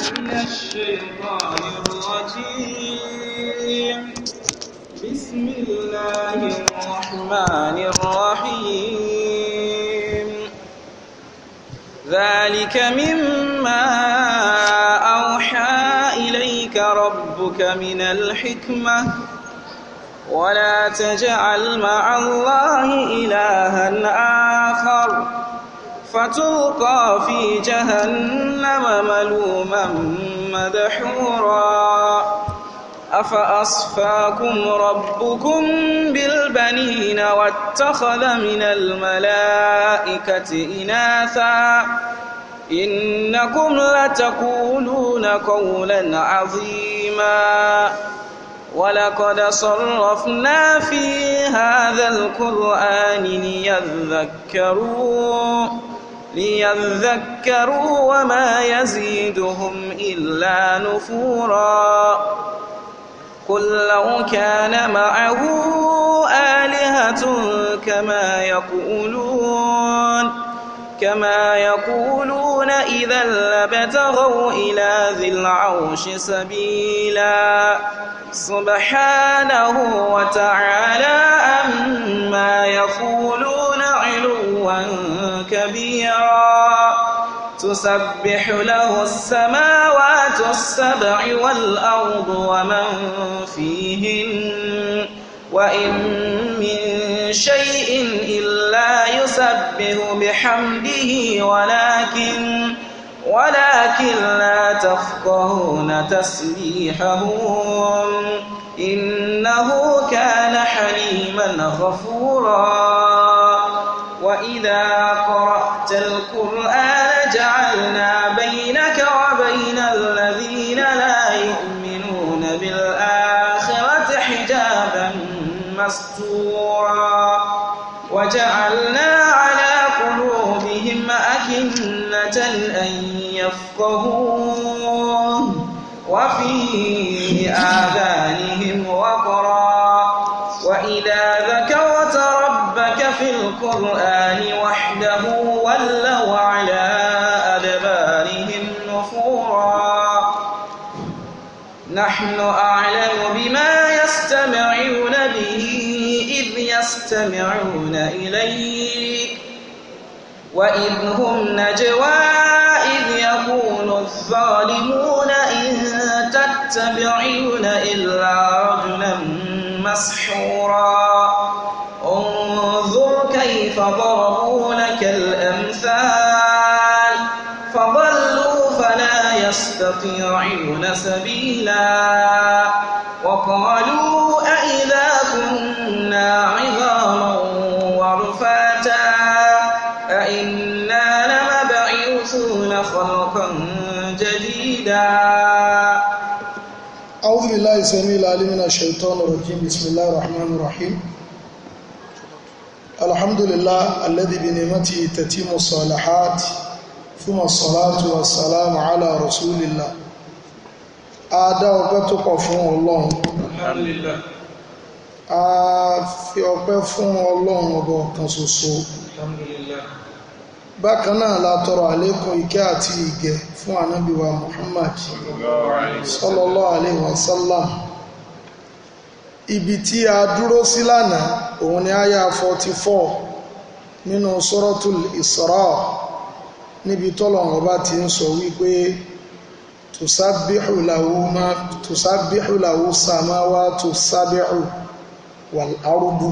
الشيطان الرجيم بسم الله الرحمن الرحيم ذلك مما أوحى إليك ربك من الحكمة ولا تجعل مع الله إلها آخر فتلقى في جهنم ملوما مدحورا أفأصفاكم ربكم بالبنين واتخذ من الملائكة إناثا إنكم لتقولون قولا عظيما ولقد صرفنا في هذا القرآن ليذكروا ليذكروا وما يزيدهم إلا نفورا قل لو كان معه آلهة كما يقولون كما يقولون إذا لبتغوا إلى ذي العرش سبيلا سبحانه وتعالى أما يقولون علوا كبيرا تسبح له السماوات السبع والأرض ومن فيهن وإن من شيء إلا يسبح بحمده ولكن ولكن لا تفقهون تسبيحهم إنه كان حليما غفورا وإذا قرأت القرآن نفورا نحن أعلم بما يستمعون به إذ يستمعون إليك وإذ هم نجوى إذ يقول الظالمون إن تتبعون إلا رجلا مسحورا انظر كيف ضربوا لك يستطيعون سبيلا وقالوا أئذا كنا عظاما ورفاتا أئنا لمبعوثون خلقا جديدا أعوذ بالله السميع العليم من الشيطان الرجيم بسم الله الرحمن الرحيم الحمد لله الذي بنعمته تتم الصالحات fún ọ̀sọ̀látù wàsàlámù alá rọ̀súlìlá àádá ọpẹ́ tó pọ̀ fún ọlọ́run a fi ọpẹ́ fún ọlọ́run ọba ọ̀kan ṣoṣo bákan náà la tọrọ àlékún ìkẹ́ àti ìgẹ̀ fún ànábìwa Muhammad sallallahu 44 nínú suratul Isra' níbi tọ́lọ́run ọba ti ń sọ wípé tùsábíhù làwù sàmáwá tùsábíhù wal ardu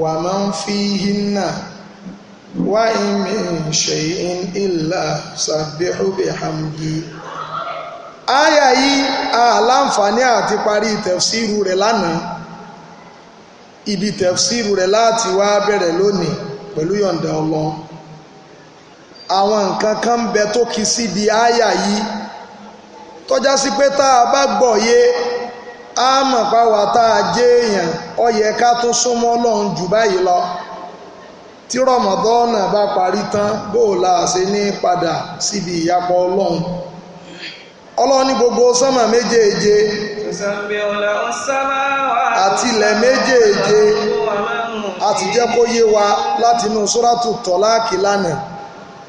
wà máa ń fi hinna wá ìmìn shay'in illa sàbíhù bihamdi áyà yìí aláǹfààní àti parí tẹ̀fsíru rẹ̀ lánàá ibi tẹ̀fsíru rẹ̀ láti wá bẹ̀rẹ̀ lónìí pẹ̀lú yọ̀ǹda ọlọ́run àwọn nǹkan kan ń bẹ tó kì í síbi àyà yìí tọ́já sí pé tá a bá gbọ́ yé a mọ̀ páwa tá a jẹ́ èèyàn ó yẹ ká tún súnmọ́ lọ́hùn jù báyìí lọ tí rọmọdọ́nà bá parí tán bóòlà ṣe ní padà síbi ìyapọ̀ ọlọ́run ọlọ́run ní gbogbo sánmà méjèèje àtilẹ̀ méjèèje kó yé wa látinú sóràtù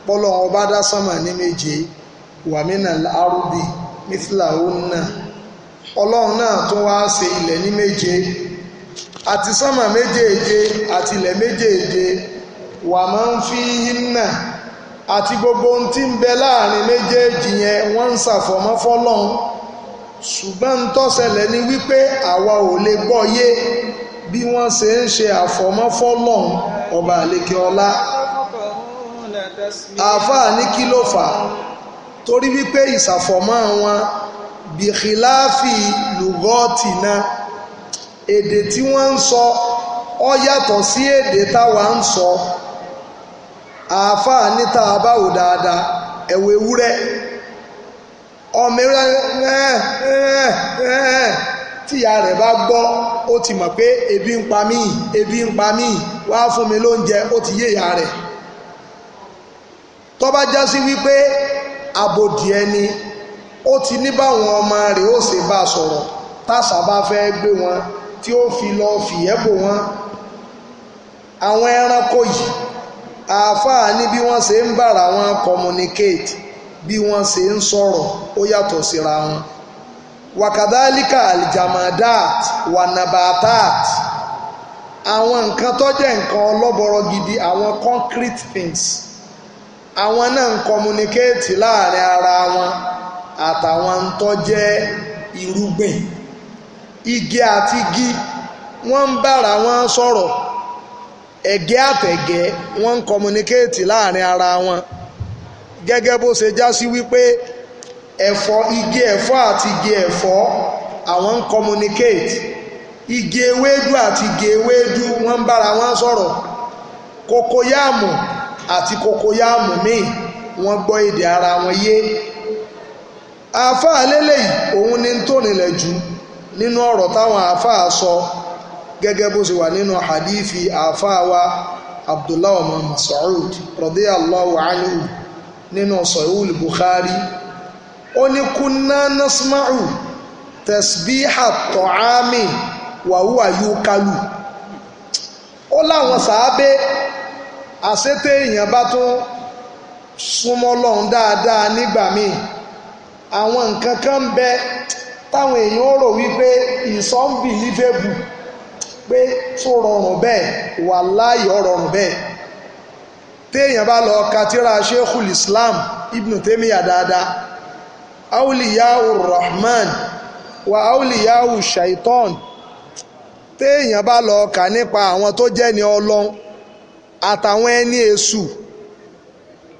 pọ́lọ́ ọba dá sọ́mà ní méje wàmínà arúbí mithla onna ọlọ́run náà tó wá ṣe ilẹ̀ ní méje àti sánmà méjèèje àti ilẹ̀ méjèèje wà máa ń fi ń bẹ láàrin méjèèjì yẹn wọ́n ni wípé àwa ò lè gbọ́ yé bí wọ́n ṣe ń ṣe àáfàá ní kí ló fà á torí wípé ìsàfọ̀mọ́ wọn bìkìláàfì lùgọ́ọ̀tì náà èdè tí wọ́n ń sọ ọ yàtọ̀ sí èdè táwa ń sọ àáfàá níta àbáwò dáadáa ẹ̀wọ̀ ewúrẹ́ ọmọ ewúrẹ́ tíya rẹ̀ bá gbọ́ ó ti mọ̀ pé ebi ń pa mí ebi ń pa mí wá fún mi lóúnjẹ ó ti yé ìyá rẹ̀ tó bá já sí wípé àbòdì ẹni ó ti ní báwọn ọmọ rẹ̀ ó ṣe bá sọ̀rọ̀ tásà bá fẹ́ gbé wọn tí ó fi lọ fìyẹ́ bò wọn àwọn ẹranko yìí àáfàá ní bí wọ́n ṣe ń bára wọn communicate bí wọ́n ṣe ń sọ̀rọ̀ ó yàtọ̀ síra wọn wakadalika aljamadat wanabatat àwọn nǹkan tó jẹ́ nǹkan ọlọ́bọrọ gidi àwọn concrete things àwọn náà ń kọmunikéètì láàrin ara wọn àtàwọn ń tọ́jẹ́ irúgbìn igi àti igi wọ́n ń bára wọn sọ̀rọ̀ ẹ̀gẹ́ àtẹ̀gẹ́ wọ́n ń kọmunikéètì láàrin ara wọn gẹ́gẹ́ bó ṣe já sí wípé ẹ̀fọ́ igi ẹ̀fọ́ àti igi ẹ̀fọ́ àwọn ń communicate igi ewédú àti igi ewédú wọ́n ń bára wọn sọ̀rọ̀ kòkóyàmù àti kòkóyáàmù míì wọ́n gbọ́ èdè ara wọn yé àáfàá lélẹ̀ yìí òun ni tó nílẹ̀ jù nínú ọ̀rọ̀ táwọn àáfàá sọ gẹ́gẹ́ bó ṣe wà nínú hadithi àáfàá wa abdullahi ọmọ masoud radiyallahu anhu nínú sahihul bukhari ó ní kunna nasma'u tasbiha ta'ami wa huwa yukalu ó láwọn sàábé àṣetẹ èèyàn bá tún súnmọ́ lọ́hún dáadáa nígbà míì àwọn nǹkan kan ń bẹ táwọn èèyàn ó rò wípé is unbelievable pé tó rọrùn bẹ́ẹ̀ wàláhì ó rọrùn bẹ́ẹ̀ téèyàn bá lọ katira sheikhul islam ibn temiya dáadáa auliyahu rahman wa auliyahu shaitan téèyàn bá lọ kà nípa àwọn tó jẹ́ ni ọlọ́run àtàwọn ẹni èṣù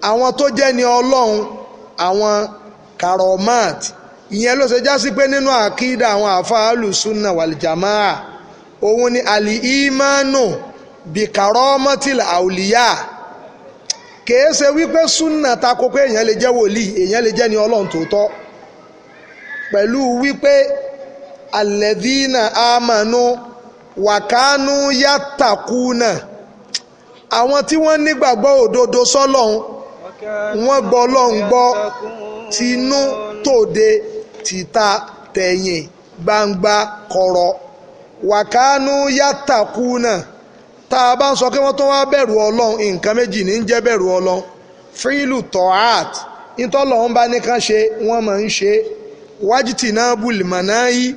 àwọn tó jẹ́ ni ọlọ́run àwọn karomat ìyẹn ló ṣe já sí pé nínú àkídà àwọn àfáàlù sunna wàlìjàmáà òun ni àlì ìmánu bí karomatil àwùlíyà kìí ṣe wípé sunna tako pé èèyàn lè jẹ́ wòlíì èèyàn lè jẹ́ ni ọlọ́run tòótọ́ pẹ̀lú wípé alẹ́dínà àmànú wàkánú yàtàkùnà. àwọn tí wọ́n nígbàgbọ́ òdodo sọ́lọ́hún wọ́n gbọ́ ọlọ́hún gbọ́ tinú tòde tìta tẹ̀yìn gbangba kọ̀rọ̀ wàkánú yàtàkù náà tá a bá ń sọ pé wọ́n tó wá bẹ̀rù ọlọ́hún nǹkan méjì ní ń jẹ́ bẹ̀rù bá nìkan ṣe wọ́n máa ń ṣe náà bùlìmọ̀ náà yí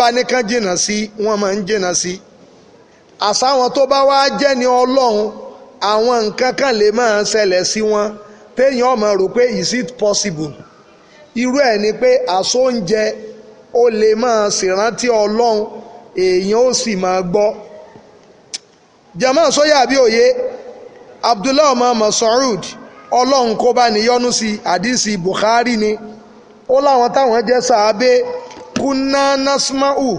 bá nìkan jìnnà sí wọ́n máa ń jìnnà àsáwọn tó bá wáá jẹ́ ni ọlọ́run àwọn nǹkan kan lè máa ṣẹlẹ̀ sí wọn téèyàn máa rò pé is it possible irú ẹ̀ ni pé àsóúnjẹ ó lè máa ṣèrántí ọlọ́run èèyàn ó sì máa gbọ́ jama sọ́yà bí òye abdullahi ọmọ masoud ọlọ́run kó bá níyọ́nú sí àdìsí bukhari ni ó láwọn táwọn jẹ́ sàábé kunna nasma'u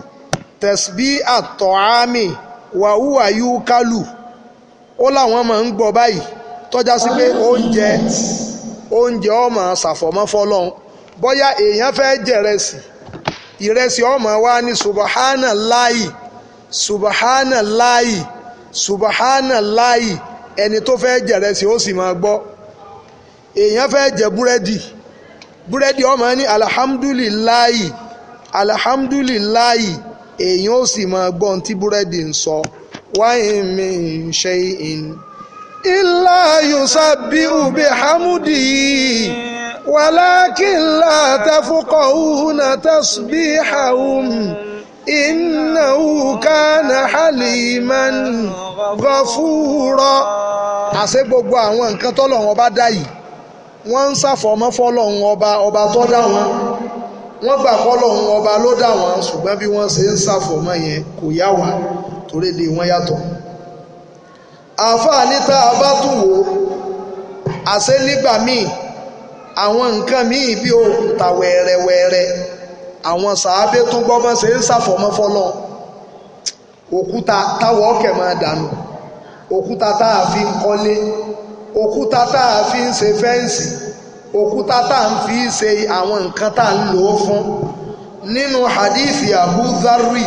tasbih at-ta'ami wàhùwà yóò kálù ó láwọn máa ń gbọ́ báyìí tọ́já sí pé oúnjẹ oúnjẹ ọmọ ṣàfọ̀mọ́ fọlọ́n bóyá èèyàn fẹ́ jẹ̀rẹsì ìrẹsì ọmọ wa ní subahana láàyè subahana láàyè subahana láàyè ẹni tó fẹ́ jẹ̀rẹsì ó sì máa gbọ́ èèyàn fẹ́ jẹ búrẹ́dì búrẹ́dì ọmọ ní alhamdulilayi alhamdulilayi èèyàn ó sì máa gbọ́ ohun tí búrẹ́dì ń sọ wáyé mi ń ṣe in. ilá yusa bí ubi hamudi wàlákì ńlá tafukọ̀ hùnà tasbí hàwùm iná hùkánà haliman gọfúrọ. àṣé gbogbo àwọn nǹkan tọ́lọ́run ọba dá yìí wọ́n ń ṣàfọ̀mọ́ fọ́lọ́run ọba ọba tó wọn wọ́n gbà fọ́lọ́hún ọba ló dà wọ́n ṣùgbọ́n bí wọ́n ṣe ń ṣàfọ̀mọ́ yẹn kò yá wa torí de wọ́n yàtọ̀ àáfàá níta abátúwò àṣẹ nígbà míì àwọn nǹkan míì bí òkúta wẹ̀rẹ̀wẹ̀rẹ̀ àwọn sàábé tún gbọ́mọ́ ṣe ń ṣàfọ̀mọ́ fọ́lọ́ òkúta táwọ̀ ọ̀kẹ́ máa dànù òkúta tá fi ń kọ́lé òkúta tá fi ń ṣe fẹ́ǹsì òkúta tá nfi ń fi ṣe àwọn nǹkan tá à lò ó fún nínú hadith Abu Dharri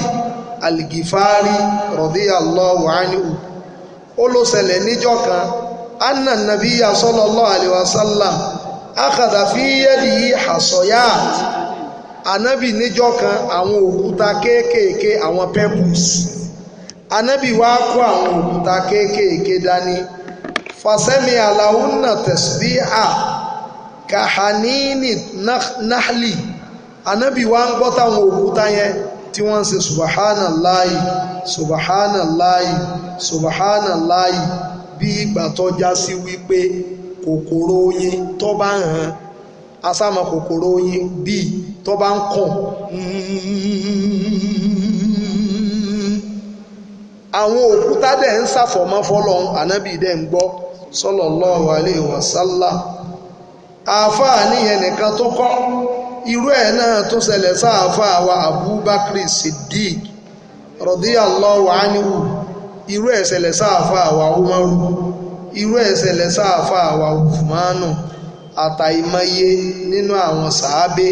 algifari radiyallahu anhu ó ló ṣẹlẹ̀ níjọ́ kan anna wasallam akada fi yadihi hasoyat anabi níjọ́ kan àwọn òkúta kéékèèké àwọn pebbles anabi wá kó àwọn òkúta kéékèèké dání fasemi alahunna tasbiha ka ha nini nahli anabi wa ngota wo butaye ti won se subhanallahi subhanallahi subhanallahi bi igba to ja si wi pe kokoro yin to ba han asama kokoro yin bi to ba nkan àwọn òkúta dẹ̀ ń sàfọ̀mọ́fọ́lọ́ anábì dẹ̀ ń gbọ́ sọ́lọ̀lọ́wọ́ alẹ́ wàsálà àáfàá níyẹn nìkan tó kọ́ irú ẹ̀ náà tó ṣẹlẹ̀ sáàfàá wa abubakar siddiq radiyallahu anhu irú ẹ̀ ṣẹlẹ̀ wa umaru irú ẹ̀ ṣẹlẹ̀ sáàfàá wa àtàìmọye nínú àwọn sàábé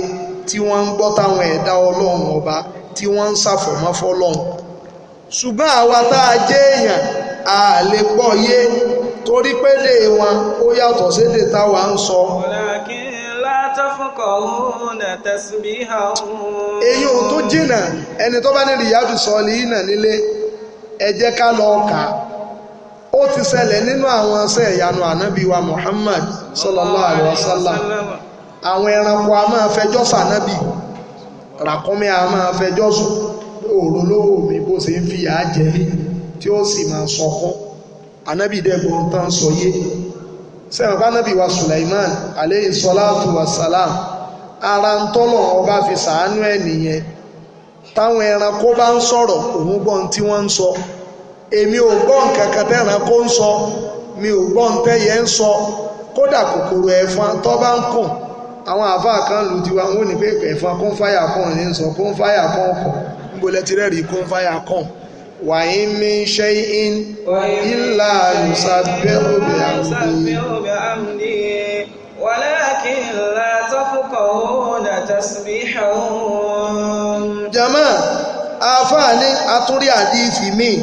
tí wọ́n ń gbọ́ táwọn ẹ̀dá ọlọ́run ọba tí wọ́n ń ṣàfọ̀mọ́fọ́lọ́run ṣùgbọ́n àwa tá a jẹ́ a lè torí pé dè wọn ó yàtọ̀ sédè táwa ń sọ. èyí ò tó jìnnà ẹni tó bá ní nà nílé ẹ ká lọ kà ó ti ṣẹlẹ̀ nínú àwọn ṣẹ́ ìyanu ànábì wa Muhammad sallallahu alaihi wasallam ẹranko a máa fẹjọ́ sànábì ràkúnmí a máa fẹjọ́ sùn lówó mi bó ṣe ń fi yà á jẹ mí tí ó sì máa Anabi dẹ́gbọ́n tán sọ yé sẹ́wọ̀n bá anábì wa Sulaiman aleyhi salatu wa salam ara ń tọ́lọ̀ ọba fi sàánú ẹ̀ nìyẹn táwọn ẹranko bá ń sọ̀rọ̀ òun gbọ́ ohun tí ń sọ èmi ò gbọ́ nǹkan kan tẹ́ranko ń sọ mi ò gbọ́ ntẹ́yẹ ń sọ kódà kòkòrò ẹ̀fọn tó ń kùn àwọn àáfàá kan lù tiwa wọn ò ní pé ẹ̀fọn kún fáyà kan ní sọ kún fáyà kan kọ̀ ń bolẹ́ tirẹ̀ rí kún fáyà wàyí mi ṣe in ilà ìsàbẹ̀ òbí àmì. wàlákin la tafqahuna tasbihahum. jama àáfàá ní atúrí àdífì míì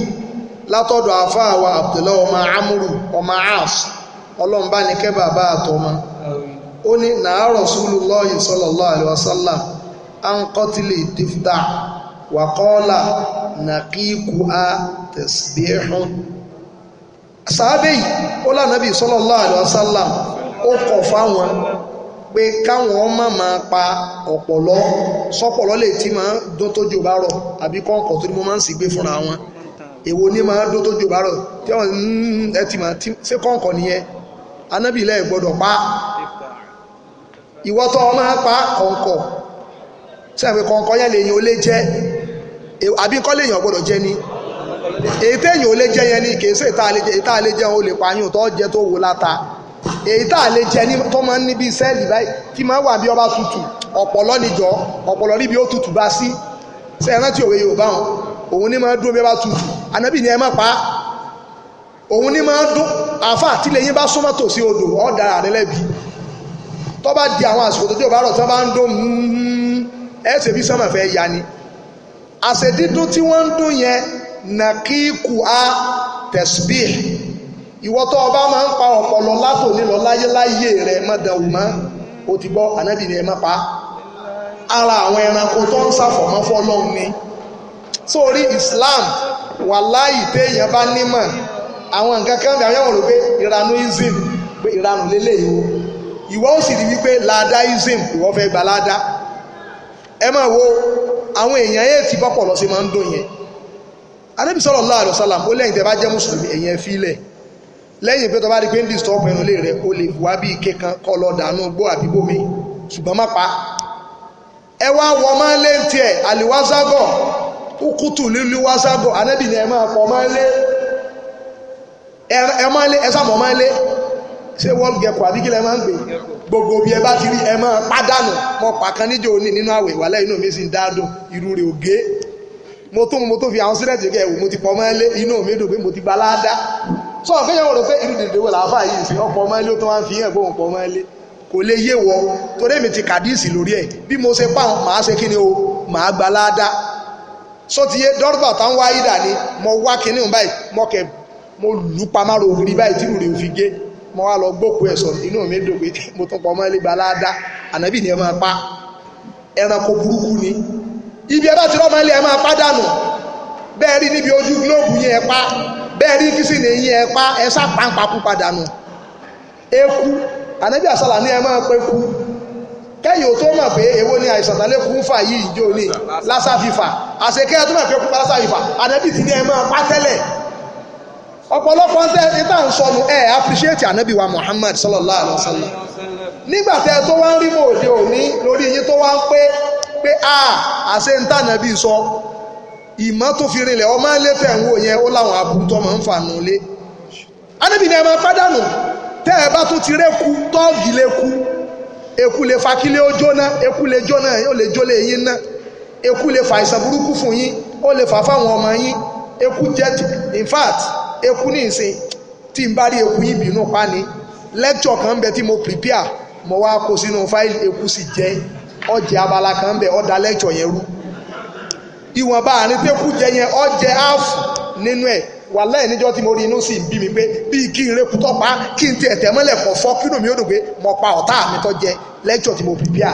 látọ̀dọ̀ àáfàá wa Abdullahi ọmọ amúrù ọmọ as ọlọ́mbà ní kẹ́ bàbá àtọ́mọ ó ní na Rasulullahi sallallahu alaihi wasallam an qatli difda wàkọ́ọ́là nàkíkù á a sàábé yìí hàn lànàbí sallallahu alaihi wasallam ó kọ̀ fáwọn pé káwọn ọmọ máa pa ọpọlọ sọ́pọ̀lọ́ lè tí máa dún tójú bá àbí kọ́ǹkọ̀ tó ní mo máa ń sì gbé fúnra wọn èwo ni máa dún tójú tí hmm, ti máa nìyẹn pa pé yẹn lè jẹ́ àbí nǹkan lèèyàn gbọ́dọ̀ jẹ ni èyí téèyàn ò lè jẹ yẹn ni kì í ṣe ìta àlejẹ ìta àlejẹ ò lè pààyàn tó jẹ tó wò láta èyí tá a lè jẹ ní tó máa ń ní bíi sẹ́ẹ̀lì báyìí tí máa ń wà bí ọba tutù ọ̀pọ̀lọ́ níjọ ọ̀pọ̀lọ́ níbi ó tutù bá sí ṣe é rántí òwe Yorùbá wọn òun ní máa ń dún bí ọba tutù ànábì ni ẹ má pa á òun ní máa ń dún àáfà tí lẹ́yìn bá súnmọ́ tòsí odò ọ̀dà rẹ lẹ́bi tó bá di àwọn àsìkò tó dé òbárọ̀ tó bá ń dún hmm, hmm, hmm, ẹ ṣe bí sọ́mọ̀ fẹ́ ya ni àṣedídún tí wọ́n ń dún yẹn nà kí kù á tó ọba máa ń pa ọ̀pọ̀lọ látòní lọ láyé láyé rẹ̀ mọ́dàwù mọ́ ti gbọ́ ànábì ni pa ara àwọn ẹranko tó ń ma fọ́lọ́hún ni sórí Islam wàláì téèyàn bá nímọ̀ àwọn nǹkan kan bí àwọn yẹn pé ìranú ism pé ìranù o ó sì wípé ism fẹ́ wo àwọn èèyàn yẹn ti bọ́pọ̀ lọ sí máa ń dùn yẹn Ànábì sallallahu alaihi wasallam ó lẹ́yìn tẹ́ bá jẹ́ mùsùlùmí ẹ̀yẹn fílẹ̀ lẹ́yìn pé tó rí pé ń disturb ẹnu lé rẹ o lè wá bí ike kọ́ lọ dànù gbó àbíbó mi ṣùgbọ́n má pa ẹ wá wọ máa ń lé tiẹ̀ àlìwáságọ̀ kúkútù lílu wáságọ̀ Ànábì ẹ máa pọ̀ máa ń lé ẹ máa ń lé ẹ sábọ̀ máa ń lé ṣé world gecko àbí kí lẹ máa ń gbé gbogbo bí ẹ bá ti rí ẹ máa pàdánù mo pàkan níjọ òní nínú àwẹ̀ ìwàlẹ̀ inú mi sì ń dáadùn irú rẹ̀ ògé mo tún mo tún fi àwọn sílẹ̀tì kẹ́ ẹ̀wò mo ti pọ̀ mọ́ ẹlé inú mi dùn pé mo ti gbalada sọ fẹ́ yẹn wò ló fẹ́ irú dèdè wò làáfà yìí sí ọ̀pọ̀ mọ́ ẹlé ó tún wá fi yẹn gbóhùn pọ̀ mọ́ ẹlé kò lè yé wọ torí èmi ti kàdíìsì lórí ẹ̀ bí mo ṣe pa màá ṣe kí o màá gbalada sọ ti yé dọ́rọ̀bà táwọn wáyé dà ní mo wá kinní báyìí mo kẹ mo lù pamárò ògiri báyìí tí mo rè òfin gé mo wá lọ gbókù ẹ̀ sọ̀rọ̀ inú mi dùn pé mo tún pọ̀ mọ́ ilé gbalada ànábì ni ẹ máa pa ẹranko burúkú ni ibi ẹ bá ti rọ́mọ ilé ẹ máa pa dànù bẹ́ẹ̀ rí níbi ojú gílóòbù yẹn ẹ pa bẹ́ẹ̀ rí kìsìnì yẹn ẹ pa ẹ sá pàǹpàkú padà nù eku ànábì àsálà ni ẹ máa pẹ́ ku kẹ́yìn ò tó mọ̀ pé èwo ni àìsàn tálẹ́ kún fà yìí ìjó ni lásàfífà àṣekẹ́yà tó mọ̀ pé kú lásàfífà ànábì ti ní ẹ máa pa tẹ́lẹ̀ ọ̀pọ̀lọpọ̀ ń tẹ́ ìta ń sọnù ẹ̀ appreciate ànábì Muhammad sallallahu alayhi wa nígbà tẹ́ tó wá ń rí mòde òní lórí yín tó wá ń pé pé a àṣẹ ń tà sọ ìmọ̀ tó fi rinlẹ̀ ọmọ ilé tẹ̀ ń wò yẹn ó láwọn aburú máa ń fà nù lé ànábì ni ẹ máa pàdánù ẹ bá tó ti tọ́ọ̀gì eku lè fa kílé ó jóná eku lè jóná ó lè ná eku lè fa burúkú fún yín ó lè fà fáwọn ọmọ yín eku ní ìsìn tí n bá rí eku yìí bínú pa ni lecture kan bẹ tí mo prepare mo wá kó sínú fáìlì sì jẹ ọjẹ abala kan bẹ ọdà lecture yẹn rú ìwọ̀nba àárín tẹ́kù jẹ yẹn ọjẹ half nínú ẹ̀ wàhálà ẹ̀ níjọ́ tí mo rí inú sì bí mi pé kí n rékú tọ́ pa kí n mọ́lẹ̀ kọ̀ fọ́ mi ó dùn pé mo pa ọ̀tá mi tó jẹ lecture tí mo prepare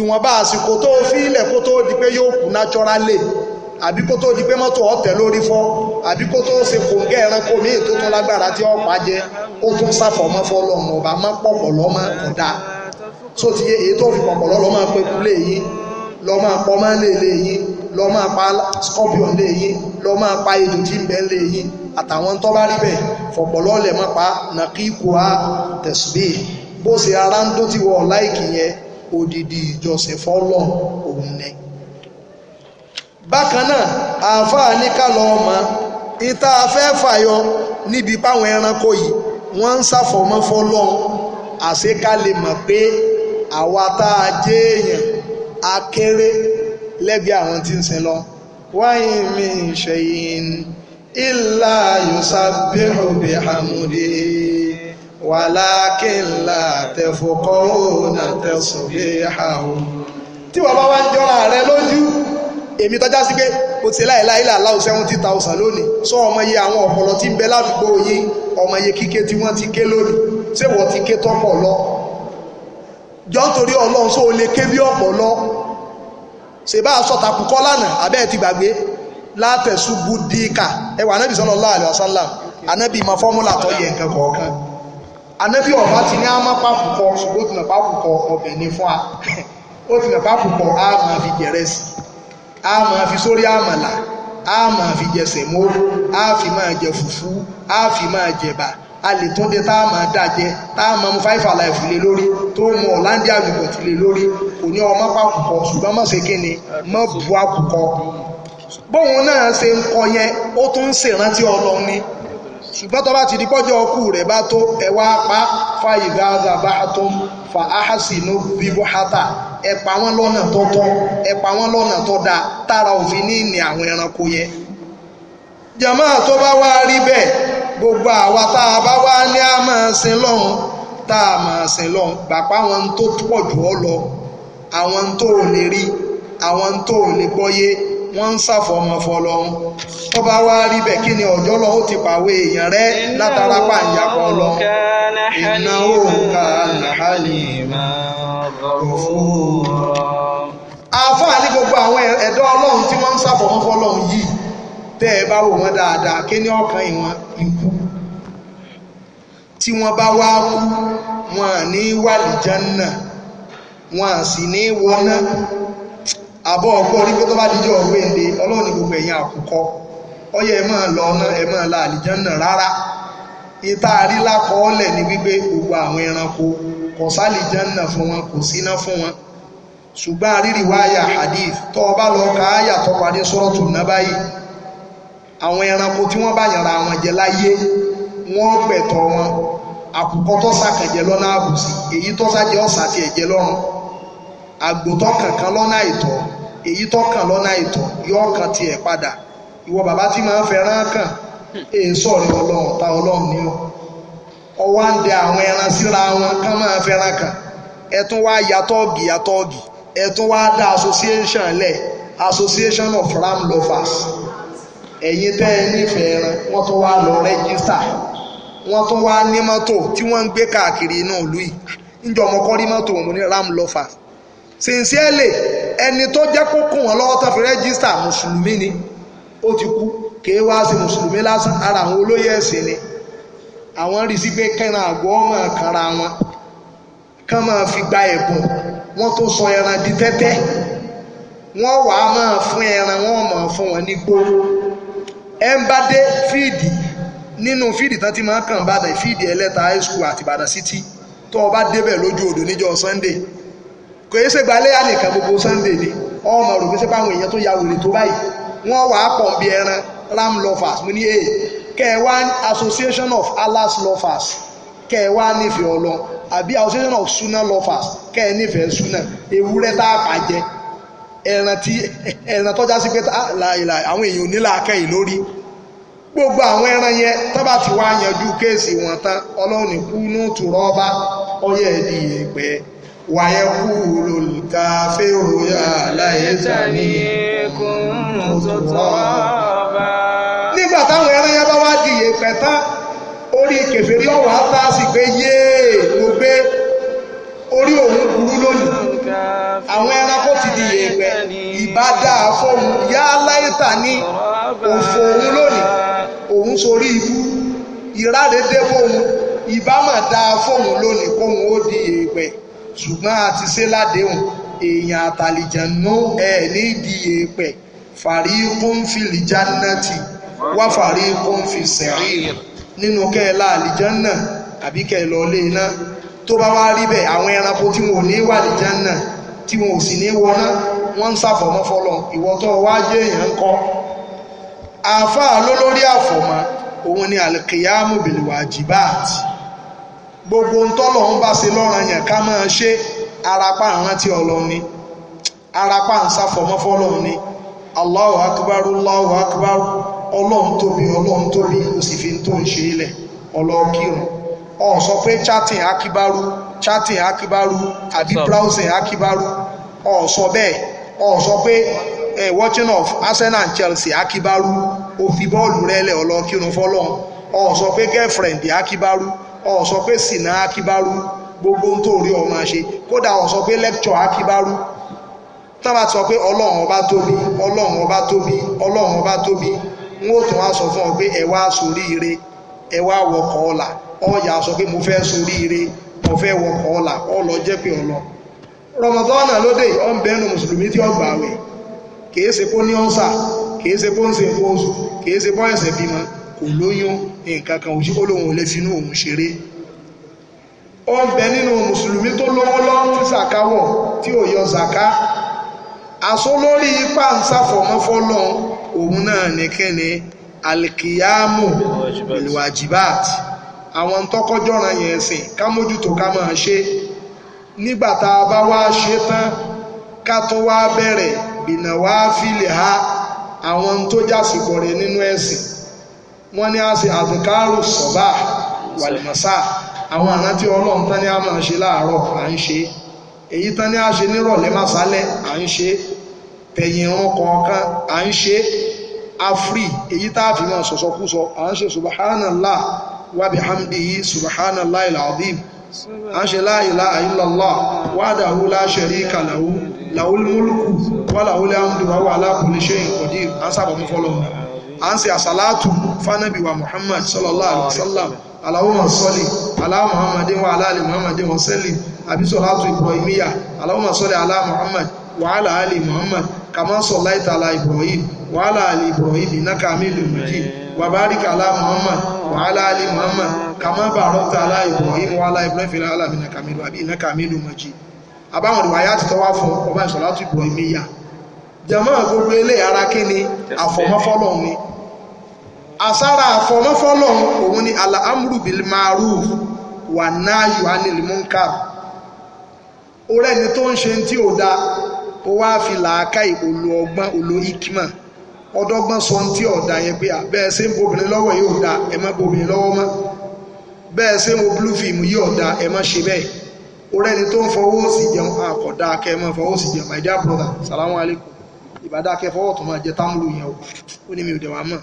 ìwọ̀nba àsìkò tó fi ilẹ̀ kó tó di pé yóò kú náturally àbí kó tó di pé mọ́tò ọ̀tẹ̀ lórí fọ́ àbí kó tó ṣe kòǹgẹ́ ẹranko míì tó tún lágbára tí ọ̀pá jẹ ó tún ṣàfọ̀mọ́ fọlọ́mọ ọba má pọ̀pọ̀ lọ́mọ ọ̀dà tó ti yé èyí tó fi pọ̀pọ̀ lọ́ lọ́mọ pẹ́kú lé yìí lọ́mọ pọ́ lè lè yìí lọ́mọ pa scorpion lè yìí lọ́mọ pa ejò tí ń bẹ lè yìí àtàwọn tó bá rí bẹ̀ fọ̀pọ̀ lọ́lẹ̀ mọ́ pa nàkíkùá tẹ̀sùbí bó ṣe ara ń tó ti wọ̀ láìkì yẹn odidi ìjọsìn fọ́lọ́n òun ni bákan náà àáfàá ní ká lọ ọmọ ìta afẹ́ fàyọ níbi páwọn ẹranko yìí wọ́n ń ṣàfọ̀mọ́ fọ́lọ́n àṣekálẹ̀ mọ̀ pé àwa tá a jẹ́ èèyàn a kéré lẹ́gbẹ̀ẹ́ àwọn tí ń sin lọ wáyé mi ṣẹ̀yìn ìlà yusabbihu bihamdi wàlákìn látẹ̀fọ́kọ́ ònà tẹ̀sùn bí àwọn. tí wọ́n bá wá ń jọra rẹ lójú èmi tọ́já sí pé o ti láìláì là láwù seventy thousand lónìí sọ ọmọ iye àwọn ọ̀pọ̀lọ tí ń bẹ ládùúgbò yìí ọmọ iye kíké tí wọ́n ti ké lónìí ṣé wọ́n ti ké tọ́pọ̀ lọ. jọ́ nítorí ọlọ́run sọ o lè ké bí ọ̀pọ̀ lọ ṣèbá sọ̀tàkù kọ́ lánàá àbẹ́ẹ̀ ti gbàgbé látẹ̀sùbù díkà ẹwà anábì sallallahu alaihi wasallam anábì mọ fọ́múlà tó yẹ nǹkan kọ̀ọ̀kan anábì ọ̀fà ti ní àmọ́ pápùkọ ṣùgbọ́n tí nàpá pùkọ ọbẹ̀ ní fún a ó ti nàpá pùkọ a máa fi jẹrẹ sí a máa fi sórí àmàlà a máa fi jẹ sẹ̀mó a fi máa jẹ fùfú a fi máa jẹ̀bà a lè tún dé tá a máa dá jẹ tá a máa mu five alive lé lórí tó mu ọ̀láńdí àgùntàn ti lé lórí kò ní ọmọ pápùkọ ṣùgbọ́n mọ̀ sí kíni mọ̀ bu àkùkọ bóun náà ṣe ń kọ yẹn ó tún ń ṣèrántí ọlọ́run ni ṣùgbọ́n tó bá ti di pọ́jọ́ ọkù rẹ̀ bá tó ẹwà apá fa ìgbàgbà bá tó fa áhásìnú bíbọ́ hátà ẹ̀pà wọn lọ́nà tó tọ́ ẹ̀pà wọn lọ́nà tó dáa tára òfin ní ìní àwọn ẹranko yẹn. jama tó bá wá rí bẹ́ẹ̀ gbogbo àwa tá a bá wá ní a máa sin lọ́hùn tá a máa lọ́hùn bàpá wọn tó pọ̀ jù ọ lọ àwọn tó ò lè rí àwọn tó ò lè gbọ́yé wọ́n ń ṣàfọmọfọ lọ́hún tó bá wá rí bẹ́ẹ̀ kí ni ọjọ́ lọ́hún ti pàwé èèyàn rẹ látara pàǹyàpọ̀ lọ́hún ìnáwó kàánà hàní àfáà ní gbogbo àwọn ẹ̀dọ́ ọlọ́run tí wọ́n ń ṣàfọmọfọ lọ́hún yìí tẹ́ ẹ bá wò wọ́n dáadáa kí ni ọkàn ìwọ̀n ikú tí wọ́n bá wá kú wọn à ní wàlìjánná wọn à sì ní wọná àbọ̀ ọ̀pọ̀ orí pé tó bá dijọ́ ọ̀gbẹ́ǹde ọlọ́run ní gbogbo ẹ̀yìn àkùkọ ọyẹ ẹ máa lọ ọ̀nà ẹ máa la àlìjánà rárá ìta àrílá kọ́ọ́lẹ̀ ní wípé gbogbo àwọn ẹranko kò sálìjánà fún wọn kò síná fún wọn ṣùgbọ́n àríri wáyà hadith tó ọba lọ ka áyà tó parí sọ́rọ̀tù náà báyìí àwọn ẹranko tí wọ́n bá yànra wọn jẹ láyé wọ́n pẹ̀tọ̀ wọn àkùkọ tó sàkànjẹ lọ́nà àbùsí èyí tó sàjẹ́ ọ̀sà ti ẹ̀jẹ̀ lọ́rùn àgbòtọ́ kankan lọ́nà àìtọ́ èyí tó kàn lọ́nà àìtọ́ yóò kan tiẹ̀ padà ìwọ bàbá tí máa ń fẹ́ràn kàn èso ọ̀rẹ́ ọlọ́run ta ọlọ́run ní ọ ọwọ́ ń dẹ àwọn ẹran síra wọn ká máa fẹ́ràn kàn ẹ tún wá yàtọ́ọ̀gì yàtọ́ọ̀gì ẹ tún wá dá association lẹ̀ association of ram lovers ẹ̀yin tẹ́ ẹ nífẹ̀ẹ́ ẹran wọ́n tún wá lọ rẹ́gísítà wọ́n tún wá ní mọ́tò tí wọ́n ń gbé káàkiri inú ìlú yìí ń jọ ọmọkọ́rí mọ́tò òun ní ram lovers sincerely ẹni tó jẹ́ kó kún wọn lọ́wọ́ tó ni ó ti kú kì wá sí mùsùlùmí lásán ara àwọn olóyè ẹ̀sìn ni àwọn rí sí pé kẹran àgọ́ ọmọ kanra wọn kán fi gba ẹ̀bùn wọn tó sọ ẹran di tẹ́tẹ́ máa fún ẹran máa fún wọn ní fíìdì nínú fíìdì high school àti city tó o bá débẹ̀ lójú odò Sunday kò yẹ sẹ́gbà alẹ́ gbogbo sunday ni ọmọ rò sẹ́gbà àwọn èèyàn tó ya wèrè tó báyìí wọ́n wà á pọ̀ ẹran ram lovers mo ní èyí kẹwàá association of Allah's lovers kẹwàá nífẹ̀ẹ́ ọlọ àbí association of suna lovers kẹ́ nífẹ̀ẹ́ suna ewúrẹ́ tá a pa jẹ ẹran tí ẹran tọ́já sí pé àwọn lórí gbogbo àwọn ẹran yẹn ويقول الكافر يا ليتني كنت ترابا nígbà táwọn ẹran yẹn bá wá di yèèpẹ̀ tán orí kèfèrí ọ̀wọ́ á tá a sì pé yéè mo gbé orí òun burú lónìí àwọn ẹranko ti di yèèpẹ̀ ìbádá fóun yá láìta ní òfò òun lónìí òun sorí ibú ìrárédé fóun ìbámadá fóun lónìí kóun ó di yèèpẹ̀ ṣùgbọ́n a ti ṣe ládéhùn èèyàn àtàlìjànú ẹ̀ nídìí èèpẹ̀ fàrí kúnfìlì jánátì wá fàrí kúnfìlì sẹ̀rìn nínú kẹ́ẹ̀lá àlìjánà àbí kẹ́ẹ̀lọ́ lé iná e tó bá wá rí bẹ́ẹ̀ àwọn ẹranko tí wọn ò ní wà àlìjánà tí wọn ò sì ní wọná wọ́n ń ṣàfọ̀mọ́ fọlọ́ ìwọ́tọ́ wá jẹ́ èèyàn ń kọ́ àáfàá lólórí àfọ̀mọ́ òun ni àlìkìyàmù bìlìwàjìbáàtì gbogbo ntọ́lọ̀ ń bá ṣe lọ́ràn yẹn ká máa ṣe arapa àrántí ọlọ́run ni arapa ń sáfọmọ́ fọlọ́run ni aláwọ̀ akbar Allahu akbar ọlọ́run tóbi ọlọ́run tóbi kò sì fi tó ń ṣe ilẹ̀ ọ sọ pé chatin akibaru chatting akibaru àbí browsing ọ sọ bẹ́ẹ̀ ọ sọ pé eh, watching of Arsenal Chelsea ọ̀sọ pé sìnà akíbárú gbogbo ń tó rí ọmọ ṣe kódà ọ̀sọ pé lẹ́kṣọ̀ akíbárú tábà sọ pé ọlọ́run ọba tóbi ọlọ́run ọba tóbi ọlọ́run ọba tóbi tún wá sọ fún ọ pé ẹ̀wá soríire wọkọ̀ ọ̀la ọ̀yà sọ pé mo fẹ́ soríire mo fẹ́ wọkọ̀ ọ̀la ọ̀lọ́ jẹ́ pé ọ̀lọ́ rọmọdọ́nà lóde ọ̀nbẹ́nu mùsùlùmí tí ọgbà kèé ní kò lóyún nǹkan kan òjú ó lóun ò lè finú òun ṣeré ó ń bẹ nínú mùsùlùmí tó lówó lọ́wọ́ tí zaka wọ̀ tí ò yọ zaka aṣọ lórí ipá ń sáfọ̀mọ́fọ́ lọ́n òun náà nìkẹ́ni alikiyamu bilwajibat àwọn tọ́kọ́jọ́ra yẹn sìn ká mójútó ká máa ṣe nígbà bá wá ṣe tán ká tó wá bẹ̀rẹ̀ bìnà wá fìlẹ̀ ha àwọn tó jásìkò rẹ̀ nínú ẹ̀sìn wọ́n ní a ṣe àdùnkárò sọ̀bà wàlìmọ̀sá àwọn àrántí ọlọ́run tán ní a máa ṣe láàárọ̀ à ń ṣe èyí tán ní a ṣe nírọ̀lẹ́ màsálẹ̀ à ń ṣe tẹ̀yìn ìran kọ̀ọ̀kan à ń ṣe afri èyí tá a fi máa sọ̀sọ̀ kú sọ à ń ṣe subhanallah wa bihamdihi subhanallah al-azim à ń ṣe la ilaha illallah wahdahu la sharika lahu lahul mulku wa lahul hamdu à ń sábà mú fọ́lọ́run à ń ṣe àṣàlátù fanabi wa muhammad sallallahu alayhi wa sallam alahumma salli ala muhammadin wa ala ali muhammadin wa sallim àbí salatu ibrahimiya alahumma salli ala muhammad wa ala ali muhammad kama sallaita ala ibrahim wa ala ali ibrahim innaka hamidun majid wa barik ala muhammad wa ala ali muhammad kama barakta ala ibrahim wa ala ibrahim fil alamin innaka hamidun majid àbáwọn ìwà yá ti tọ́wá fún ọba ibrahimiya jàmáà gbogbo ilé ara kí ni àfọ̀mọ́fọ́lọ̀ ni àsára àfọ̀mọ́fọ́lọ̀ òun ni alhamdu bil maruf wà náà yohanil munkar ó rẹ́ni tó ń ṣe tí ò da ó wá fi làákà ìlú ọgbọ́n olú ikima ọdọ́gbọ́n sọ tí ọ̀dà yẹn pé bẹ́ẹ̀ ṣe ń bobìnrin lọ́wọ́ yóò da ẹ má bobìnrin lọ́wọ́ mọ́ bẹ́ẹ̀ ṣe ń wo blue film yìí ọ̀dà ẹ má ṣe bẹ́ẹ̀ ó rẹ́ni tó ń fọwọ́ sí jẹun àkọ́dá kẹ́ ẹ má fọwọ́ sí jẹun my brother salamu alaykum ìbádákẹ́ fọwọ́ tó máa jẹ támúlù yẹn o ó ní mi ò dẹ̀ wá mọ̀